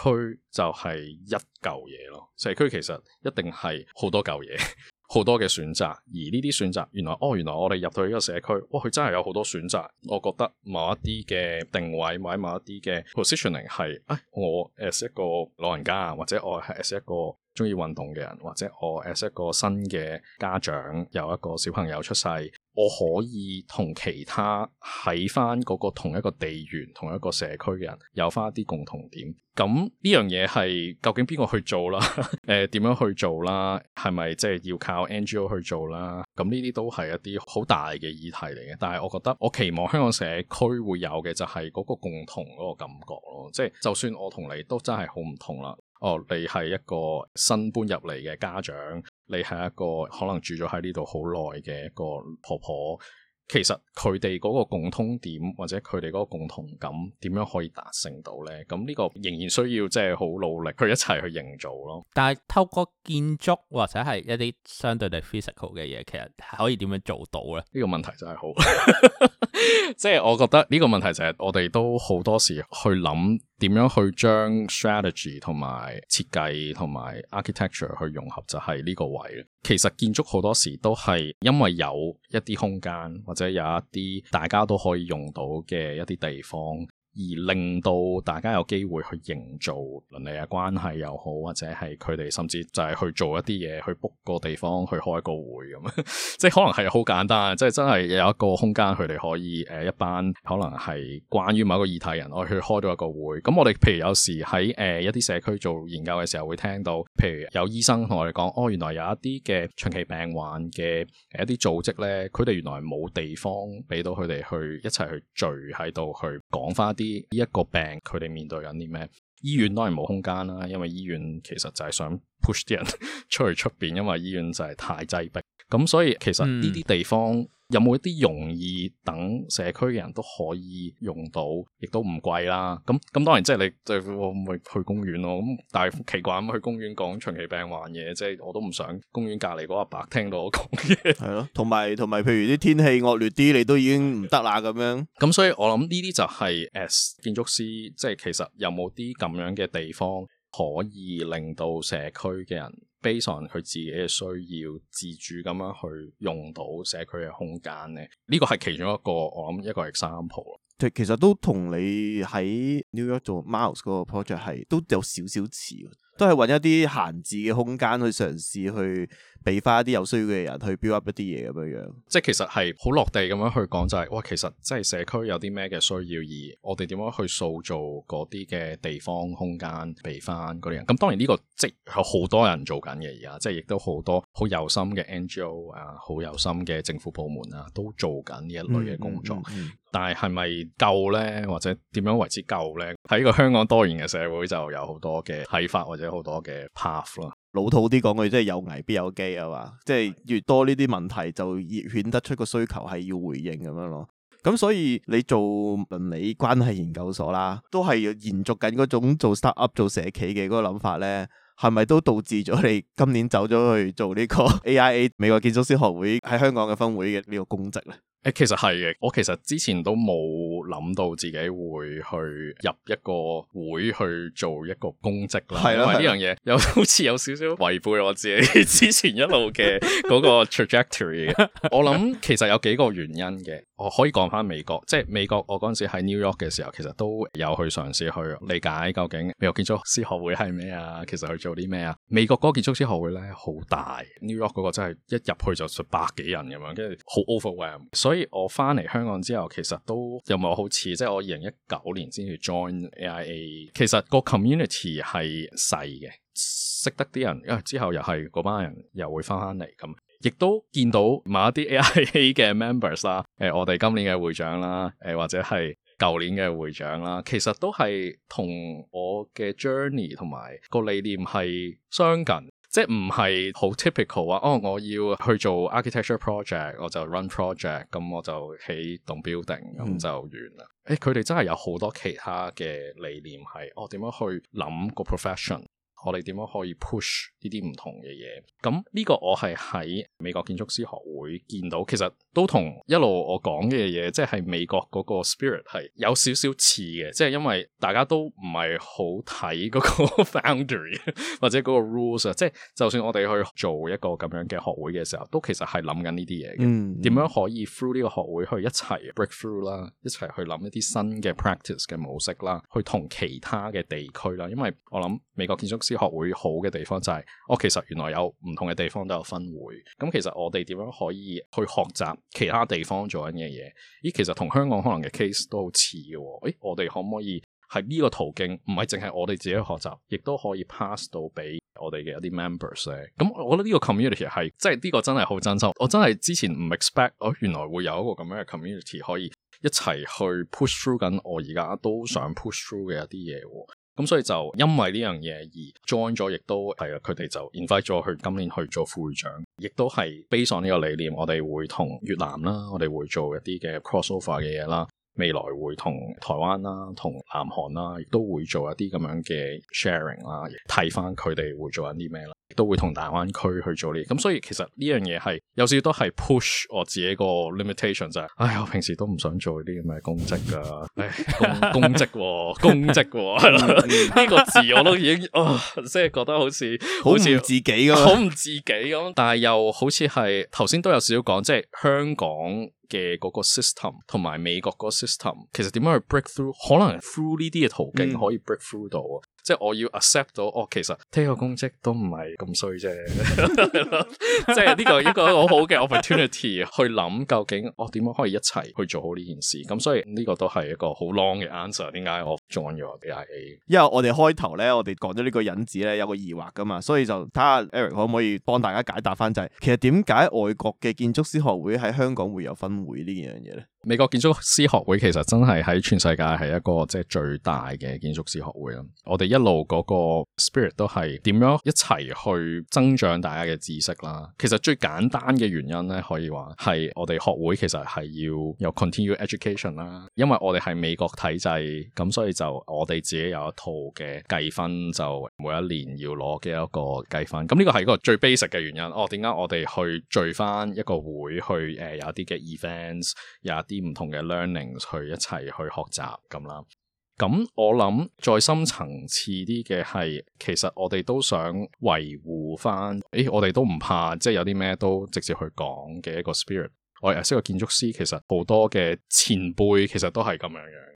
就係一嚿嘢咯。社區其實一定係好多嚿嘢。 好多嘅選擇，而呢啲選擇原來，哦，原來我哋入到呢個社區，哇、哦，佢真係有好多選擇。我覺得某一啲嘅定位，或者某一啲嘅 positioning 係，哎，我 as 一個老人家，或者我 as 一個中意運動嘅人，或者我 as 一個新嘅家長，有一個小朋友出世。我可以同其他喺翻嗰個同一個地緣、同一個社區嘅人有翻啲共同點。咁呢樣嘢係究竟邊個去做啦？誒 呃、點樣去做啦？係咪即係要靠 NGO 去做啦？咁呢啲都係一啲好大嘅議題嚟嘅。但係我覺得我期望香港社區會有嘅就係嗰個共同嗰個感覺咯。即係、就係、就算我同你都真係好唔同啦。哦，你係一個新搬入嚟嘅家長。你係一個可能住咗喺呢度好耐嘅一個婆婆，其實佢哋嗰個共通點或者佢哋嗰個共同感，點樣可以達成到咧？咁呢個仍然需要即係好努力，佢一齊去營造咯。但係透過建築或者係一啲相對嘅 physical 嘅嘢，其實可以點樣做到咧？呢個問題真係好，即係我覺得呢個問題就係我哋都好多時去諗。點樣去將 strategy 同埋設計同埋 architecture 去融合，就係呢個位。其實建築好多時都係因為有一啲空間，或者有一啲大家都可以用到嘅一啲地方，而令到大家有機會去營造鄰里嘅關係又好，或者係佢哋甚至就係去做一啲嘢，去 book 個地方去開個會咁樣。 即係可能係好簡單，即係真係有一個空間佢哋可以誒，一班可能係關於某一個議題人，我去開咗一個會，咁我哋譬如有時喺誒一啲社區做研究嘅時候，會聽到，譬如有醫生同我哋講哦，原來有一啲嘅長期病患嘅誒一啲組織咧，佢哋原來冇地方俾到佢哋去一齊去聚喺度去講翻啲。呢一個病，佢哋面對緊啲咩？醫院當然冇空間啦，因為醫院其實就係想 push 啲人出去出邊，因為醫院就係太擠逼，咁所以其實呢啲、嗯、地方。有冇一啲容易等社區嘅人都可以用到，亦都唔貴啦？咁咁當然即係你，我就我咪去公園咯。咁但係奇怪咁，去公園講長期病患嘢，即係我都唔想公園隔離嗰阿伯聽到我講嘢。係咯，同埋同埋，譬如啲天氣惡劣啲，你都已經唔得啦咁樣。咁 所以我諗呢啲就係、是、as 建築師，即係其實有冇啲咁樣嘅地方可以令到社區嘅人。Based on 佢自己嘅需要，自主咁樣去用到社區嘅空間咧，呢個係其中一個，我諗一個 example 咯。其實都同你喺 New York 做 Mars 嗰個 project 係都有少少似，都係揾一啲閒置嘅空間去嘗試去。俾翻一啲有需要嘅人去 build up 一啲嘢咁嘅樣，即係其實係好落地咁樣去講就係、是，哇，其實即係社區有啲咩嘅需要，而我哋點樣去塑造嗰啲嘅地方空間俾翻嗰啲人。咁當然呢、這個即係好多人做緊嘅而家，即係亦都好多好有心嘅 NGO 啊，好有心嘅政府部門啊，都做緊呢一類嘅工作。嗯嗯嗯、但係係咪夠呢？或者點樣為之夠呢？喺個香港多元嘅社會就有好多嘅睇法或者好多嘅 path 咯。老土啲講句，即係有危必有機啊嘛！即係越多呢啲問題，就越顯得出個需求係要回應咁樣咯。咁所以你做鄰里關係研究所啦，都係要延續緊嗰種做 start up 做社企嘅嗰個諗法咧，係咪都導致咗你今年走咗去做呢個 AIA 美國建築師學會喺香港嘅分會嘅呢個公職咧？誒，其實係嘅，我其實之前都冇。諗到自己會去入一個會去做一個公職啦，啊、因為呢樣嘢有 好似有少少違背我自己 之前一路嘅嗰個 trajectory。 我諗其實有幾個原因嘅。我可以講翻美國，即係美國。我嗰陣時喺 New York 嘅時候，其實都有去嘗試去理解究竟美國建築師學會係咩啊？其實去做啲咩啊？美國嗰個建築師學會咧好大，New York 嗰個真係一入去就百幾人咁樣，跟住好 overwhelm。所以我翻嚟香港之後，其實都又冇好似即係我二零一九年先至 join AIA，其實個 community 係細嘅，識得啲人，因為之後又係嗰班人又會翻翻嚟咁。亦都見到某一啲 AIA 嘅 members 啦、呃，誒，我哋今年嘅會長啦，誒、呃，或者係舊年嘅會長啦，其實都係同我嘅 journey 同埋個理念係相近，即係唔係好 typical 話，哦，我要去做 architecture project，我就 run project，咁、嗯、我就起棟 building，咁就完啦。誒、嗯，佢哋真係有好多其他嘅理念係，我點樣去諗個 profession？我哋點樣可以 push 呢啲唔同嘅嘢？咁呢個我係喺美國建築師學會見到，其實都同一路我講嘅嘢，即係美國個 spirit 係有少少似嘅，即係因為大家都唔係好睇個 boundary 或者個 rules 啊，即係就算我哋去做一個咁樣嘅學會嘅時候，都其實係諗緊呢啲嘢嘅，嗯，點樣可以 through 呢個學會去一齊 breakthrough 啦，一齊去諗一啲新嘅 practice 嘅模式啦，去同其他嘅地區啦，因為我諗美國建築師。學會好嘅地方就係、是，哦，其實原來有唔同嘅地方都有分會，咁、嗯、其實我哋點樣可以去學習其他地方做緊嘅嘢？咦，其實同香港可能嘅 case 都好似嘅，誒，我哋可唔可以喺呢個途徑？唔係淨係我哋自己學習，亦都可以 pass 到俾我哋嘅一啲 members 咧。咁、嗯、我覺得呢個 community 係，即係呢、這個真係好真心。我真係之前唔 expect，哦，原來會有一個咁樣嘅 community 可以一齊去 push through 緊我而家都想 push through 嘅一啲嘢、哦。咁所以就因為呢樣嘢而 join 咗，亦都係啊，佢哋就 invite 咗去今年去做副會長，亦都係 based on 呢個理念，我哋會同越南啦，我哋會做一啲嘅 crossover 嘅嘢啦，未來會同台灣啦、同南韓啦，亦都會做一啲咁樣嘅 sharing 啦，亦睇翻佢哋會做緊啲咩啦。都會同大灣區去做呢啲，咁所以其實呢樣嘢係有少少都係 push 我自己個 limitation 就咋。唉、哎，我平時都唔想做呢啲咁嘅公職噶。哎，公職，公職、哦，呢個字我都已經啊，即、哦、係、就是、覺得好似 好似自己咁， 好唔自己咁。但係又好似係頭先都有少少講，即、就、係、是、香港嘅嗰個 system 同埋美國嗰個 system，其實點樣去 break through？可能 through 呢啲嘅途徑可以 break through 到、嗯。即係我要 accept 到，哦，其實呢個公職都唔係咁衰啫，即係呢個一個好好嘅 opportunity 去諗究竟我點樣可以一齊去做好呢件事。咁所以呢、嗯，這個都係一個好 long 嘅 answer。點解我？撞咗啲嘢。因為我哋開頭咧，我哋講咗呢個引子咧，有個疑惑噶嘛，所以就睇下 Eric 可唔可以幫大家解答翻，就係、是、其實點解外國嘅建築師學會喺香港會有分會呢樣嘢咧？美國建築師學會其實真係喺全世界係一個即係最大嘅建築師學會啊，我哋一路嗰個 spirit 都係點樣一齊去增長大家嘅知識啦。其實最簡單嘅原因咧，可以話係我哋學會其實係要有 continue education 啦，因為我哋係美國體制咁，所以。就我哋自己有一套嘅計分，就每一年要攞嘅一個計分。咁呢個係一個最 basic 嘅原因。哦，點解我哋去聚翻一個會，去誒、呃、有啲嘅 events，有一啲唔同嘅 learning，去一齊去學習咁啦。咁我諗再深層次啲嘅係，其實我哋都想維護翻。誒、欸，我哋都唔怕，即係有啲咩都直接去講嘅一個 spirit。我係識個建築師，其實好多嘅前輩其實都係咁樣樣。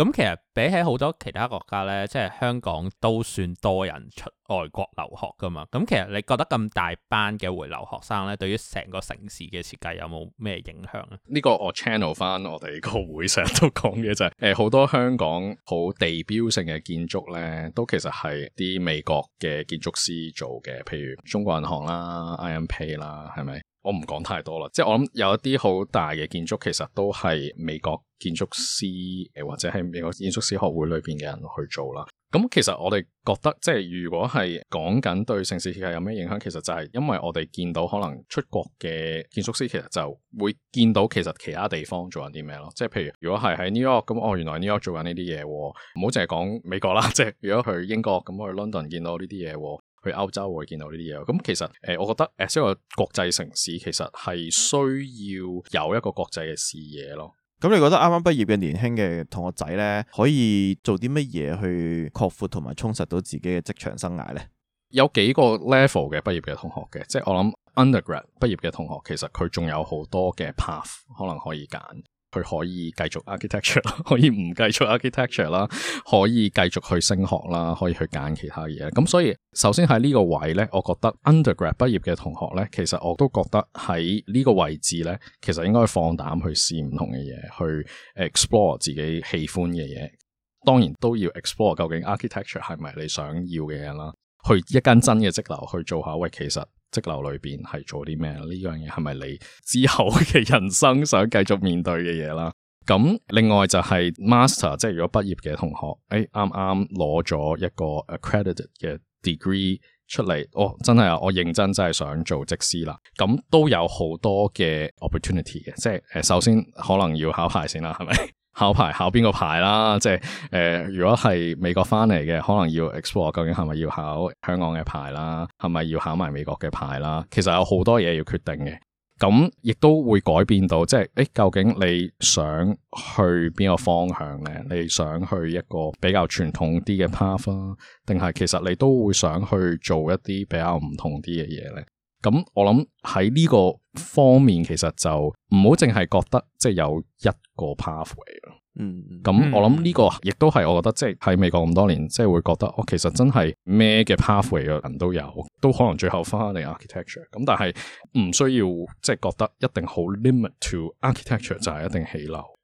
咁其實比起好多其他國家咧，即係香港都算多人出外國留學噶嘛。咁其實你覺得咁大班嘅回流學生咧，對於成個城市嘅設計有冇咩影響啊？呢個我 channel 返我哋個會成日都講嘅就係、是，誒、呃、好多香港好地標性嘅建築咧，都其實係啲美國嘅建築師做嘅，譬如中國銀行啦、I.M. Pei 啦，係咪？我唔講太多啦，即係我諗有一啲好大嘅建築，其實都係美國建築師，誒或者係美國建築師學會裏邊嘅人去做啦。咁、嗯、其實我哋覺得，即係如果係講緊對城市設計有咩影響，其實就係因為我哋見到可能出國嘅建築師，其實就會見到其實其他地方做緊啲咩咯。即係譬如如果係喺 New York，咁哦原來 New York 做緊呢啲嘢，唔好淨係講美國啦。即係如果去英國，咁我去 London 見到呢啲嘢。去歐洲會見到呢啲嘢，咁其實誒、呃，我覺得誒、呃，即係一個國際城市其實係需要有一個國際嘅視野咯。咁你覺得啱啱畢業嘅年輕嘅同學仔咧，可以做啲乜嘢去擴闊同埋充實到自己嘅職場生涯咧？有幾個 level 嘅畢業嘅同學嘅，即係我諗 undergrad 畢業嘅同學，其實佢仲有好多嘅 path 可能可以揀。佢可以繼續 architecture， 可以唔繼續 architecture 啦，可以繼續去升學啦，可以去揀其他嘢。咁所以，首先喺呢個位呢，我覺得 undergrad 畢業嘅同學呢，其實我都覺得喺呢個位置呢，其實應該放膽去試唔同嘅嘢，去 explore 自己喜歡嘅嘢。當然都要 explore 究竟 architecture 係咪你想要嘅嘢啦。去一間真嘅則樓去做下喂，其實。則樓裏面係做啲咩？呢樣嘢係咪你之後嘅人生想繼續面對嘅嘢啦？咁另外就係 master，即係如果畢業嘅同學，誒啱啱攞咗一個 accredited 嘅 degree 出嚟，哦，真係啊，我認真真係想做則師啦。咁都有好多嘅 opportunity 嘅，即係誒，首先可能要考牌先啦，係咪？考牌考邊個牌啦？即係誒、呃，如果係美國翻嚟嘅，可能要 explore，究竟係咪要考香港嘅牌啦？係咪要考埋美國嘅牌啦？其實有好多嘢要決定嘅，咁亦都會改變到，即係誒、欸，究竟你想去邊個方向咧？你想去一個比較傳統啲嘅 path 啊？定係其實你都會想去做一啲比較唔同啲嘅嘢咧？咁我諗喺呢個方面其實就唔好淨係覺得即係有一個 pathway 咯，嗯，咁我諗呢個亦都係我覺得即係喺美國咁多年，即係會覺得我、哦、其實真係咩嘅 pathway 嘅人都有，都可能最後翻嚟 architecture，咁但係唔需要即係覺得一定好 limit to architecture 就係一定起樓。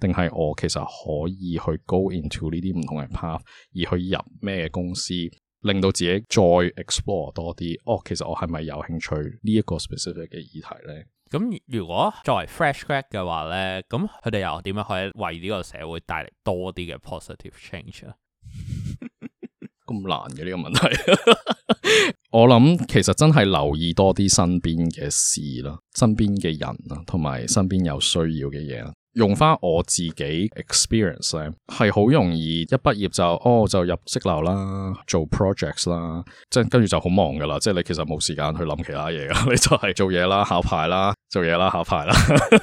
定係我其實可以去 go into 呢啲唔同嘅 path，而去入咩公司，令到自己再 explore 多啲。哦，其實我係咪有興趣呢一個 specific 嘅議題呢？咁如果作為 fresh grad 嘅話呢，咁佢哋又點樣可以為呢個社會帶嚟多啲嘅 positive change 咧？咁難嘅呢、這個問題， 我諗其實真係留意多啲身邊嘅事啦，身邊嘅人啦，同埋身邊有需要嘅嘢。用翻我自己 experience 咧，係好容易一畢業就哦就入職樓啦，做 projects 啦，即係跟住就好忙噶啦，即係你其實冇時間去諗其他嘢噶， 你就係做嘢啦，考牌啦。做嘢啦，考牌啦，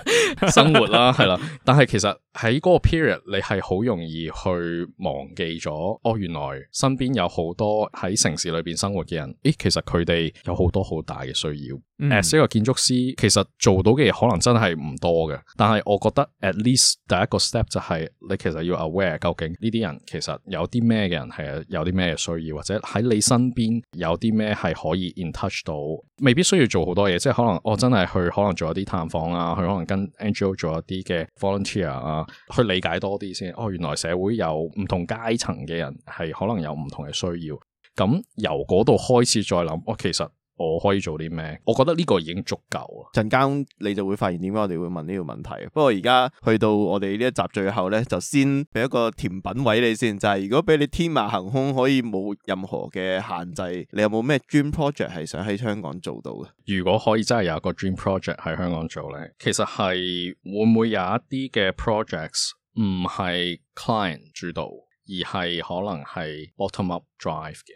生活啦，係 啦。但係其實喺嗰個 period，你係好容易去忘記咗哦。原來身邊有好多喺城市裏邊生活嘅人，咦其實佢哋有好多好大嘅需要。as、嗯、一個建築師，其實做到嘅嘢可能真係唔多嘅。但係我覺得 at least 第一個 step 就係你其實要 aware 究竟呢啲人其實有啲咩嘅人係有啲咩需要，或者喺你身邊有啲咩係可以 in touch 到，未必需要做好多嘢，即係可能我真係去、嗯、可能。做一啲探訪啊，佢可能跟 NGO 做一啲嘅 volunteer 啊，去理解多啲先。哦，原來社會有唔同階層嘅人係可能有唔同嘅需要。咁由嗰度開始再諗，哦，其實。我可以做啲咩？我覺得呢個已經足夠啊！陣間你就會發現點解我哋會問呢條問題。不過而家去到我哋呢一集最後呢，就先俾一個甜品位你先。就係、是、如果俾你天馬行空，可以冇任何嘅限制，你有冇咩 dream project 係想喺香港做到嘅？如果可以真係有一個 dream project 喺香港做呢，其實係會唔會有一啲嘅 projects 唔係 client 主導，而係可能係 bottom up drive 嘅？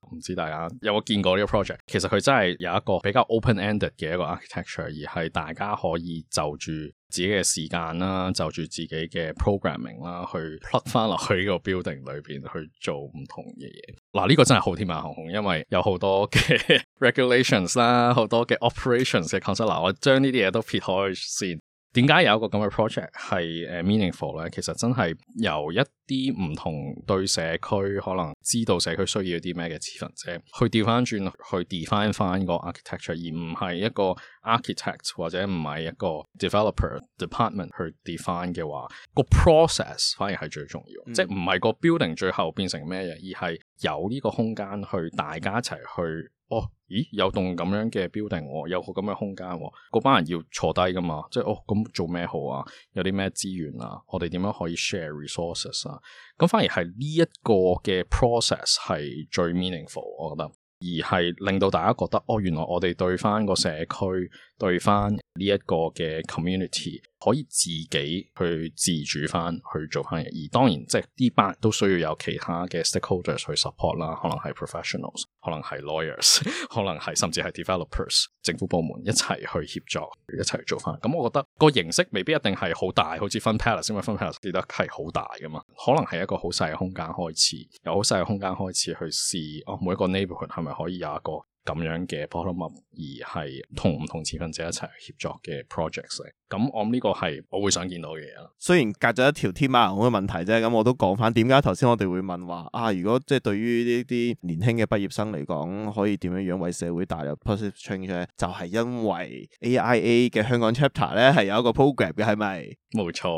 唔知大家有冇見過呢個 project？其實佢真係有一個比較 open ended 嘅一個 architecture，而係大家可以就住自己嘅時間啦，就住自己嘅 programming 啦，去 plug 翻落去呢個 building 裏邊去做唔同嘅嘢。嗱，呢個真係好天馬行空，因為有好多嘅 regulations 啦，好多嘅 operations 嘅 concern。嗱，我將呢啲嘢都撇開先。點解有一個咁嘅 project 係誒 meaningful 咧？其實真係由一啲唔同對社區可能知道社區需要啲咩嘅持份者去調翻轉去 define 翻個 architecture，而唔係一個 architect arch 或者唔係一個 developer department 去 define 嘅話，個 process 反而係最重要，嗯、即係唔係個 building 最後變成咩嘢，而係有呢個空間去大家一齊去。哦，咦，有棟咁樣嘅 building，哦，有個咁嘅空間，嗰班人要坐低噶嘛？即係，哦，咁做咩好啊？有啲咩資源啊？我哋點樣可以 share resources 啊？咁反而係呢一個嘅 process 係最 meaningful，我覺得。而係令到大家覺得哦，原來我哋對翻個社區，對翻呢一個嘅 community，可以自己去自主翻去做翻嘢。而當然，即係呢班都需要有其他嘅 stakeholders 去 support 啦，可能係 professionals，可能係 lawyers，可能係甚至係 developers，政府部門一齊去協作一齊去做翻。咁、嗯、我覺得個形式未必一定係好大，好似 Fun Palace 因為 Fun Palace 都得係好大噶嘛，可能係一個好細嘅空間開始，有好細嘅空間開始去試哦，每一個 neighborhood 係咪？可以廿個。咁樣嘅 bottom-up 而係同唔同持份者一齊協作嘅 projects 咁我諗呢個係我會想見到嘅嘢啦。雖然隔咗一條天馬行空嘅問題啫，咁我都講翻點解頭先我哋會問話啊？如果即係對於呢啲年輕嘅畢業生嚟講，可以點樣樣為社會帶入 positive change？就係因為 AIA 嘅香港 chapter 咧係有一個 program 嘅，係咪？冇錯，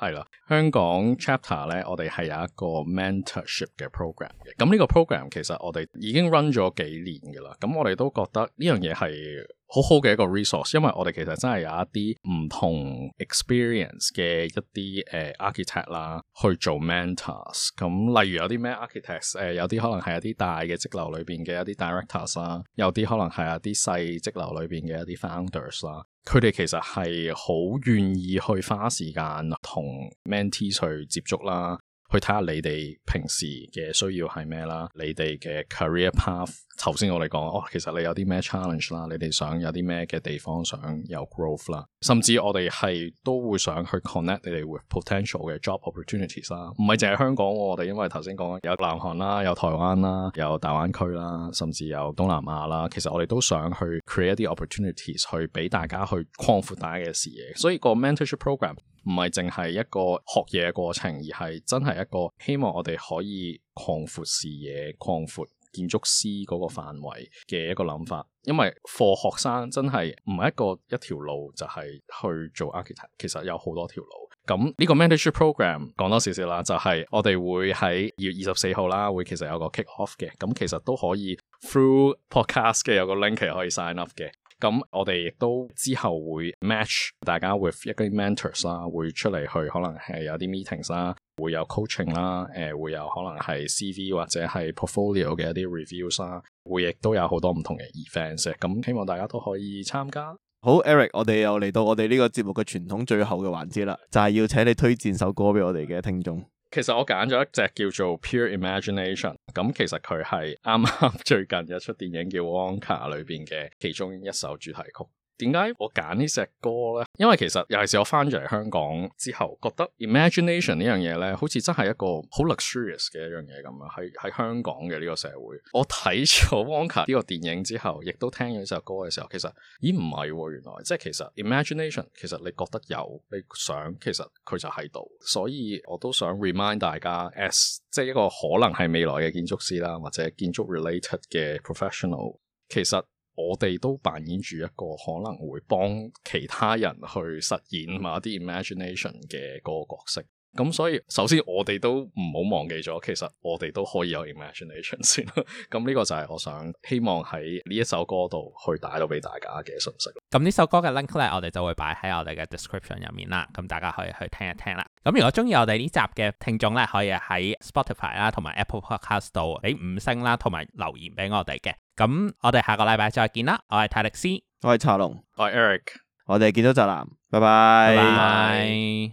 係啦。香港 chapter 咧，我哋係有一個 mentorship 嘅 program 嘅。咁呢個 program 其實我哋已經 run 咗幾年㗎啦。咁我哋都覺得呢樣嘢係好好嘅一個 resource，因為我哋其實真係有一啲唔同 experience 嘅一啲誒、呃、architect 啦，去做 mentors、嗯。咁例如有啲咩 architect，誒、呃、有啲可能係一啲大嘅則樓裏邊嘅一啲 directors 啦，有啲可能係一啲細則樓裏邊嘅一啲 founders 啦，佢哋其實係好願意去花時間同 mentee 去接觸啦。去睇下你哋平時嘅需要係咩啦，你哋嘅 career path，頭先我哋講哦，其實你有啲咩 challenge 啦，你哋想有啲咩嘅地方想有 growth 啦，甚至我哋係都會想去 connect 你哋 with potential 嘅 job opportunities 啦，唔係淨係香港喎，我哋因為頭先講有南韓啦，有台灣啦，有大灣區啦，甚至有東南亞啦，其實我哋都想去 create 啲 opportunities 去俾大家去擴闊大家嘅視野，所以個 mentorship program。唔係淨係一個學嘢過程，而係真係一個希望我哋可以擴闊視野、擴闊建築師嗰個範圍嘅一個諗法。因為課學生真係唔係一個一條路，就係去做 architect，其實有好多條路。咁呢個 mentorship program 講多少少啦，就係、是、我哋會喺二月二十四號啦，會其實有個 kick off 嘅。咁其實都可以 through podcast 嘅有個 link 可以 sign up 嘅。咁我哋亦都之後會 match 大家 with 一啲 mentors 啦、啊，會出嚟去可能係、呃、有啲 meetings 啦、啊，會有 coaching 啦、啊，誒、呃、會有可能係 CV 或者係 portfolio 嘅一啲 reviews 啦、啊，會亦都有好多唔同嘅 events、啊。咁希望大家都可以參加。好，Eric，我哋又嚟到我哋呢個節目嘅傳統最後嘅環節啦，就係、是、要請你推薦首歌俾我哋嘅聽眾。其實我揀咗一隻叫做《Pure Imagination》，咁其實，佢係啱啱最近一出電影叫《Wonka》裏邊嘅其中一首主題曲。點解我揀呢隻歌呢？因為其實尤其是我翻咗嚟香港之後，覺得 imagination 呢樣嘢呢，好似真係一個好 luxurious 嘅一,一樣嘢咁樣。喺喺香港嘅呢個社會，我睇咗《Wonka》呢個電影之後，亦都聽咗呢首歌嘅時候，其實咦唔係，啊，原來即係其實 imagination，其實你覺得有，你想，其實佢就喺度。所以我都想 remind 大家，as 即係一個可能係未來嘅建築師啦，或者建築 related 嘅 professional，其實。我哋都扮演住一個可能會幫其他人去實現某一啲 imagination 嘅個角色。咁所以，首先我哋都唔好忘記咗，其實我哋都可以有 imagination 先。咁 呢個就係我想希望喺呢一首歌度去帶到俾大家嘅信息。咁呢首歌嘅 link 咧，我哋就會擺喺我哋嘅 description 入面啦。咁大家可以去聽一聽啦。咁如果鍾意我哋呢集嘅聽眾咧，可以喺 Spotify 啦，同埋 Apple Podcast 度俾五星啦，同埋留言俾我哋嘅。咁我哋下個禮拜再見啦。我係泰力斯，我係查龍，我係是 Eric，我哋是見到就藍，拜拜。拜拜拜拜。